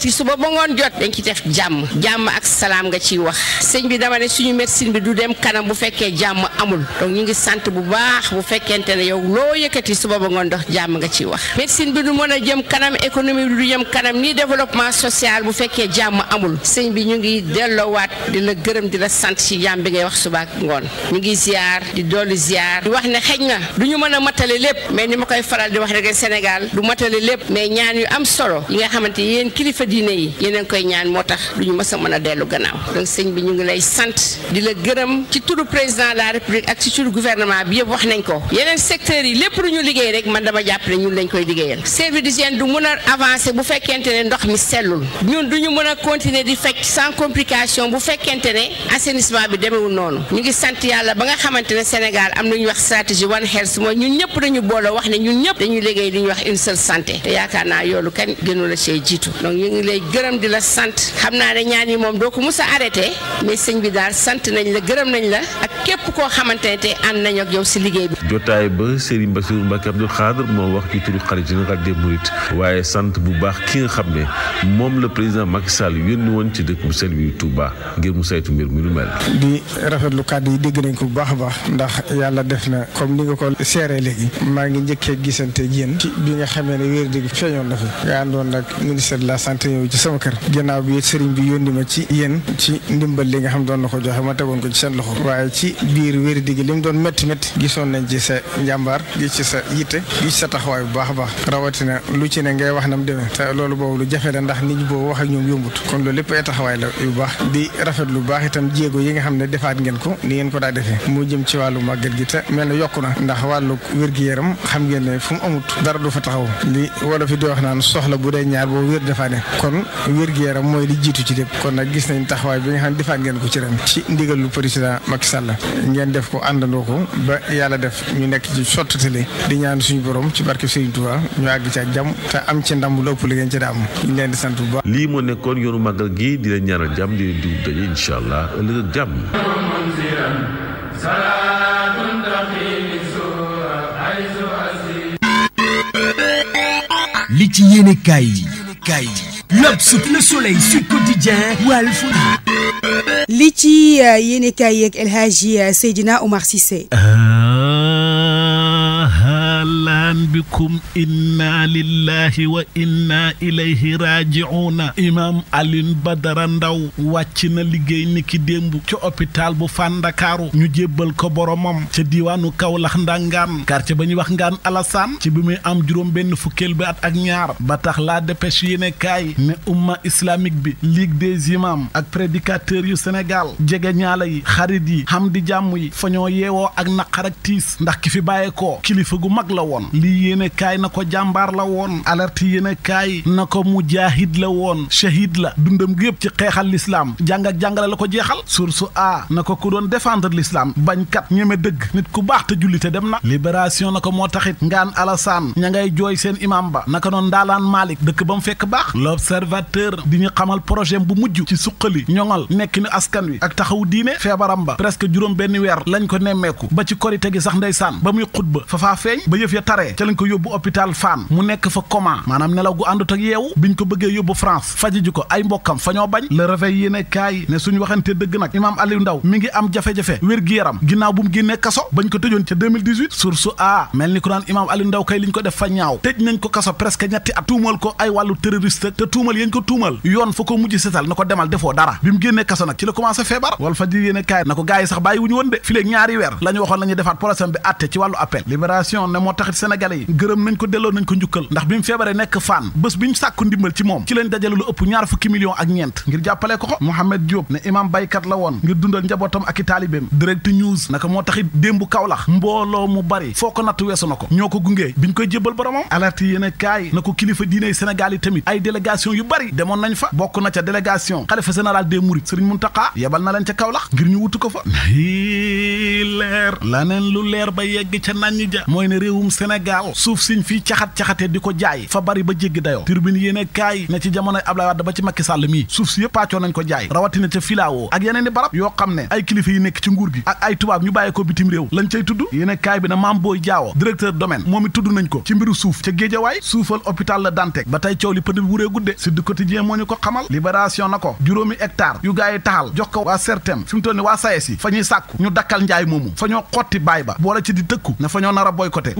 yëkkati suba ba ngoon jot dañ ci def jàmm jàmm ak salaam nga ciy wax sëñ bi dama ne suñu médecine bi du dem kanam bu fekkee jàmm amul ñu ngi sant bu baax bu fekkente ne yow loo yëkkati suba ba ngoon dox jàmm nga ciy wax médecine bi du mën a jëm kanam économie bi du kanam ni développement social bu fekkee jàmm amul sëñ bi ñu ngi delloowaat di la gërëm di la sant ci jàmm bi ngay wax suba ak ngoon ñu ngi ziar di dolli ziar di wax ne xëj na du ñu mën a matale lépp mais ni ma koy faral di wax rek Sénégal du matale lépp mais ñaan yu am solo yi nga xamante yéen kilifa diine yi yeneen koy ñaan moo tax duñu mës a mën a dellu gannaaw donc sëñ bi ñu ngi lay sant di la gërëm ci turu président de la république ak ci turu gouvernement bi yëpp wax nañ ko yeneen secteur yi lépp lu ñu liggéey rek man dama jàpp ne ñun lañ koy liggéeyal service d'hygiène du mën a avancer bu fekkente ne ndox mi sellul ñun duñu mën a continuer di fekk sans complication bu fekkente ne assainissement bi demewul noonu ñu ngi sant yàlla ba nga xamante ne Sénégal am nañu wax stratégie one health mooy ñun ñëpp dañu booloo wax ne ñëpp dañuy liggéey li ñuy wax une santé te yaakaar naa yoolu kenn gënu la cee ngi lay gërëm di la sant xam naa ne ñaan yi moom doo ko mus a arrêté mais sëñ bi daal sant nañ la gërëm nañ la ak képp koo xamante ne tey ànd nañ ak yow si liggéey bi. jotaay ba Serigne Bassirou Mbacké Abdoul Khadr moo wax ci turu xarit général des Mourides waaye bu baax ki nga xam ne moom la président Macky Sall yónni woon ci dëkk bu sel bi Touba ngir mu saytu mbir mi lu mel. di rafetlu kàddu yi dégg nañ ko bu baax a baax ndax yàlla def na comme ni nga ko seeree léegi maa ngi njëkkee gisante yéen ci bi nga xamee ne wér-dëgg feeñoon ñëw ci sama kër ginnaaw bi sëriñ bi yónni ma ci yéen ci ndimbal li nga xam doon na ko joxe ma tegoon ko ci seen loxo waaye ci biir wéri digg li mu doon métti métti gisoon nañ ci sa njàmbaar gi ci sa yitte gi ci sa taxawaay baax a baax rawatina lu ci ne ngay wax nam demee te loolu boobu lu jafe la ndax nit ñi boobu wax ak ñoom yombut kon loolu lépp ay taxawaay la yu baax di rafet lu baax itam jéego yi nga xam ne defaat ngeen ko ni ngeen ko daa defee mu jëm ci wàllu gi te mel na na ndax wàllu wér-gi-yaram xam ngeen ne fu mu amut dara du fa taxaw li wala fi di wax naan soxla bu kon wér-gu-yaram mooy li jiitu ci lépp kon nag gis nañ taxawaay bi nga xam ne defaat ngeen ko ci ren ci ndigalu président Macky Sall ngeen def ko àndandoo ko ba yàlla def ñu nekk ci sottatale di ñaan suñu boroom ci barke Serigne Touba ñu àgg ci ak te am ci ndam lu ëpp li ngeen ci daa am ñu leen di sant bu baax. lii moo nekkoon yoonu màggal gi di leen ñaanal jàmm di leen dugg daje allah ëllëg ak jàmm. li ci yéene kaay yi L'Obs, Le Soleil, Sud Quotidien, Walf. li ci euh, yéen i kaay yeeg El Hadji euh, Seydina Omar Cissé. Euh, marhaban bikum inna lillahi wa inna ilayhi raaji'uuna imaam Alioune Badara Ndao wàcc na liggéey niki démb ca hôpital bu Fàndakaaru ñu jébbal ko boromam ca diiwaanu Kawlax ndangaan quartier ba ñuy wax ngaan Alassane ci bi muy am juróom benn fukkeel bi at ak ñaar ba tax laa dépêche yéene kaay ne umma islamique bi ligue des imams ak prédicateurs yu Sénégal jege ñaala yi xarit yi xam di jàmm yi fa ñoo yeewoo ak naqar ak tiis ndax ki fi bàyyeekoo kilifa gu mag la woon lii yéen kaay na ko jàmbaar la woon alerte yéen kaay na ko mu mujaahid la woon shahid la dundam gi yëpp ci xeexal lislaam jàng ak jàngale la ko jeexal source a na ko ku doon défendre lislaam bañkat ñeme dëgg nit ku baax te jullite dem na libération na ko moo taxit ngaan alasaan ña ngay jooy seen imaam ba naka noon ndaalaan maalik dëkk ba mu fekk baax l'observateur di ñu xamal projet bu mujj ci suqali ñoŋal nekk ni askan wi ak taxawu diine feebaram ba presque juróom benn weer lañ ko nemmeeku ba ci korite gi sax ndeysaan ba muy xutba jàppale ko yóbbu hôpital Fann mu nekk fa coma maanaam nelaw gu àndut ak yeewu biñ ko bëggee yóbbu France faji ko ay mbokkam fa bañ le réveil kaay ne suñu waxante dëgg nag imaam Aliou Ndaw mi ngi am jafe-jafe wér gi yaram ginnaaw bu mu génnee kaso bañ ko tëjoon ca 2018 a mel ni ko naan imaam Aliou Ndaw kay liñ ko def fa ñaaw tëj nañ ko kaso presque ñetti at tuumal ko ay wàllu terroriste te tuumal yañ ko tuumal yoon fa ko mujj setal na ko demal sénégalais yi gërëm nañ ko delloo nañ ko njukkal ndax bi mu feebaree nekk fann bés moo taxit démbu Kaolack mbooloo mu bari foo ko natt weesu ko ñoo ko gungee biñ koy jébbal boromam alerte yéen kaay na ko kilifa diiney Sénégal yi tamit ay délégation yu bari demoon nañ fa bokk na ca délégation xalifa général des Mourides Serigne Mountakha yebal na leen ca Kaolack ngir ñu wutu ko fa leer laneen lu leer ba yegg ca nañ ja mooy ne réewum Sénégal gaaw suuf siñ fii caxat-caxatee di ko jaay fa bari ba jéggi dayoo turbine yéene kaay ne ci jamonoy Ablaye Wade ba ci Macky Sall mii suuf si yëpp pàccoo nañ ko jaay rawatina ca filaawoo ak yeneen i barab yoo xam ne ay kilifa yi nekk ci nguur gi ak ay tubaab ñu bàyyi ko bitim réew lañ cay tudd yéene kaay bi na maam booy jaawo directeur domaine moom it tudd nañ ko ci mbiru suuf ca géejawaay suufal hôpital la Dantec ba tey coow li pënd bi wuree gudde si ko xamal mu toll ni waa sayes yi fa ñuy dakkal njaay moomu fa ñoo xotti ba boole ci di tëkku nar a boycotté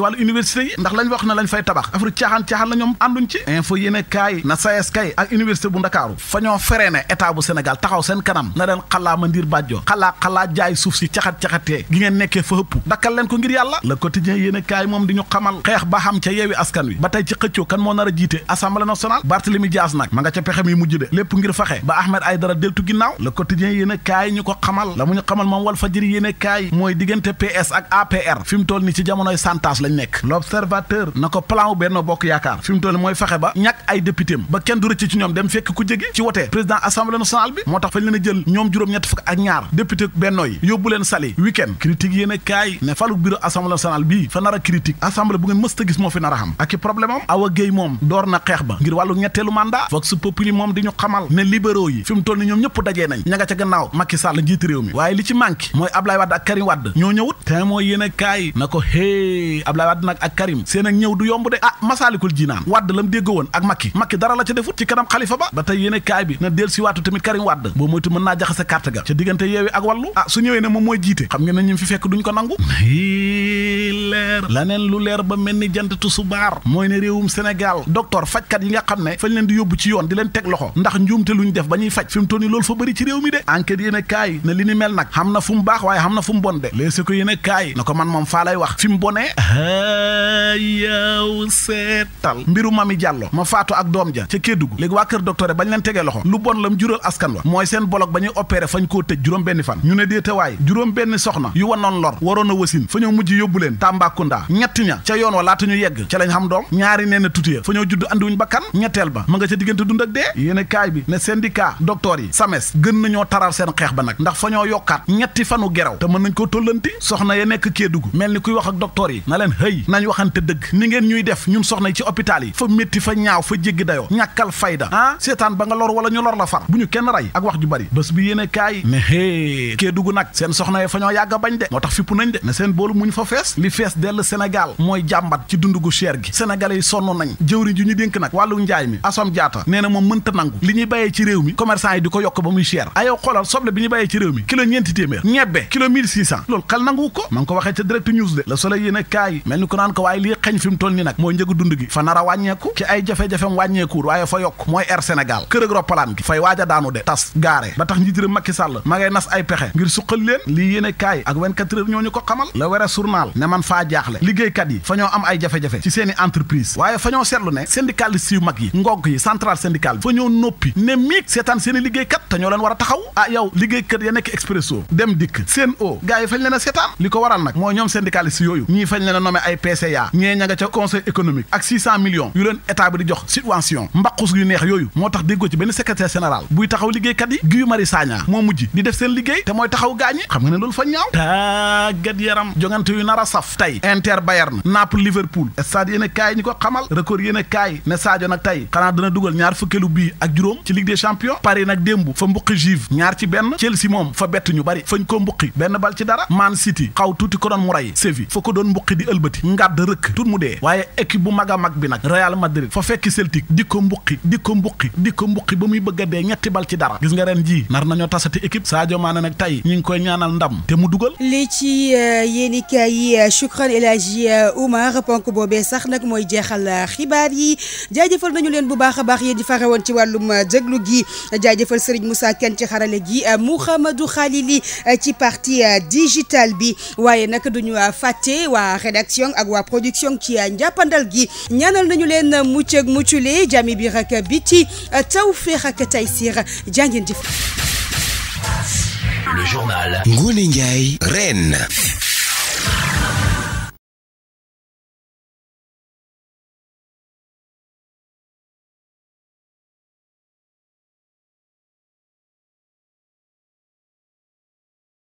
ci wàllu université yi ndax lañ wax na lañ fay tabax affaire caaxaan-caaxaan la ñoom ànduñ ci info yéene kaay na SAES kay ak université bu ndakaaru fa ñoo feree ne état taxaw seen kanam na leen xalaa ma ndiir bàjjoo xalaa xalaa jaay suuf si caxat-caxatee gi ngeen nekkee fa hëpp dakkal leen ko ngir yàlla le quotidien yéene kaay moom di ñu xamal xeex ba xam ca yeewi askan wi ba tey ci xëccoo kan moo nar a jiite assemblée nationale Barthélemy Dias nag ma nga ca pexe mi mujj de lépp moom Walfadjri yéene kaay mooy diggante PS ak APR jamonoy santas la lañ nekk l'observateur na ko plan wu Benno Bokk Yaakaar fi mu toll mooy fexe ba ñàkk ay député ba kenn du rëcc ci ñoom dem fekk ku jégi ci wote président assemblée nationale bi moo tax fañ leen a jël ñoom juróom-ñett fukk ak ñaar député Benno yi yóbbu sali week-end critique kaay ne falu bureau assemblée nationale bii fa nar a critique assemblée bu ngeen mës gis moo fi nar a xam ak i problème Awa Gueye moom door na xeex ba ngir wàllu Abdoulaye Wade ak Karim seen ak ñëw du yomb de ah masaalikul jinaan Wade la mu déggoo woon ak Macky Macky dara la ca defut ci kanam Khalifa ba ba tey yéene kaay bi na del si waatu tamit Karim Wade boo moytu mën naa jaxase carte ga ah, moom mooy jiite xam ngeen ne ñu fi fekk lu leer ba mel ni jant tusubaar mooy ne réewum Sénégal docteur fajkat yi nga xam ne fañ leen di yóbbu ci yoon di leen teg loxo ndax njuumte luñ def ba ñuy faj fi mu toll nii loolu fa bëri ci réew mi de enquête yéene kaay na li ni mel nag xam na fu mu baax waaye xam na fu mu bon de léeg si ko yéene na ko man moom faa lay wax fi mu bonee yaw seetal mbiru Mami Diallo ma faatu ak doom ja ca Kédougou léegi waa kër docteur bañ leen tegee loxo lu bon lam jural askan wa mooy seen bolog ba ñuy opéré fañ koo tëj juróom benni fan ñu ne déetawaay juróom benn soxna yu wanoon lor waroon a wasin fa ñu mujj yóbbu leen Tambacounda ñetti ña ca yoon wa laata ñu yegg ca lañ xam doom ñaari nee na tutiya fa ñoo judd andiwuñ bakkan ñetteel ba ma nga ca diggante dund ak dee yéene kaay bi ne syndicat docteur yi SAMES gën nañoo taral seen xeex ba nag ndax fa yokkaat ñetti fanu geraw te mën nañ ko tóllanti soxna ya nekk Kédougou mel ni kuy wax ak docteur yi naan hëy nañ waxante dëgg ni ngeen ñuy def ñun soxna yi ci hôpital yi fa métti fa ñaaw fa jéggi dayoo ñàkkal fayda ah seetaan ba nga lor wala ñu lor la far bu ñu kenn rey ak wax ju bari bés bi yéene kaay ne hée kee dugg nag seen soxna yi fa ñoo yàgg a bañ de moo tax fipp nañ de ne seen boolu muñ fa fees li fees dell Sénégal mooy jàmbat ci dund gu gi sénégalais yi sonn nañ jëwriñ ju ñu dénk nag wàllu njaay mi asom jaata nee na moom mënta nangu li ñuy bàyyee ci réew mi ko ko waxee ca direct news mel ni ko naan ko waaye lii xeñ fi mu ni nag moo njëgu dund gi fa nar a wàññeeku ci ay jafe-jafem wàññeekuwul waaye fa yokk mooy air Sénégal kër ak roppalaan gi fay waaja a daanu de tas gaare ba tax njiitéram Macky Sall ma ngay nas ay pexe ngir suqal leen lii yéene ak 24 heures ñoo ñu ko xamal le were journal ne man faa jaaxle kat yi fa ñoo am ay jafe-jafe ci seeni entreprise waaye fa ñoo seetlu ne syndicaliste yu mag yi ngog yi central syndical bi fa ñoo noppi ne miig seetaan seeni liggéeykat te ñoo leen war a taxaw ah yow liggéeykat ya nekk expresso dem dikk seen o gars a seetaan li ko waral nag mooy ñoom syndicaliste yooyu ñii fañ leen a nommé ay PCA ñee ña nga ca conseil économique ak 600 millions yu leen état bi di jox subvention mbaqus yu neex yooyu moo tax déggoo ci benn secrétaire général buy taxaw liggéeykat yi Guy Marius Sagna moo mujj di def seen liggéey te mooy taxaw gaañi xam nga ne loolu fa ñaaw tàggat yaram jongante yu nar a saf tey Inter Bayern Naples Liverpool stade yéen a kaay ñi ko xamal record yéen a kaay ne Sadio nag tey xanaa dana dugal ñaar fukkeelu bii ak juróom ci Ligue des champions nag démb fa mbuqi ñaar ci benn Chelsea moom fa bett ñu bari fañ ko mbuqi benn bal ci dara Man City xaw tuuti ko doon mu ray yi wëlbati ngàdd rëkk tut mu dee waaye équipe bu mag a mag bi nag Real Madrid fa fekki Celtic di ko mbuqi di ko mbuqi di ko mbuqi ba muy bëgg a dee ñetti bal ci dara gis nga ren jii nar nañoo tasati équipe Sadio Mané nag tey ñu ngi koy ñaanal ndam te mu dugal lii ci eh, yéenikaay yi eh, Shukran El Hadji eh, Oumar ponk boobee sax nag mooy jeexal xibaar yi jaajëfal nañu leen bu baax a baax yéen di faxe woon ci wàllum déglu gi jaajëfal Serigne Moussa Kane ci xarale gi Mouhamadou Khalili ci partie digitale bi waaye nag duñu fàtte waa rédaction rédaction ak waa production ci njàppandal nañu leen mucc ak muccule jàmmi biir ak biti taw féex ak taysiir jàngeen jëf. Le journal Ngoné Ndiaye Reine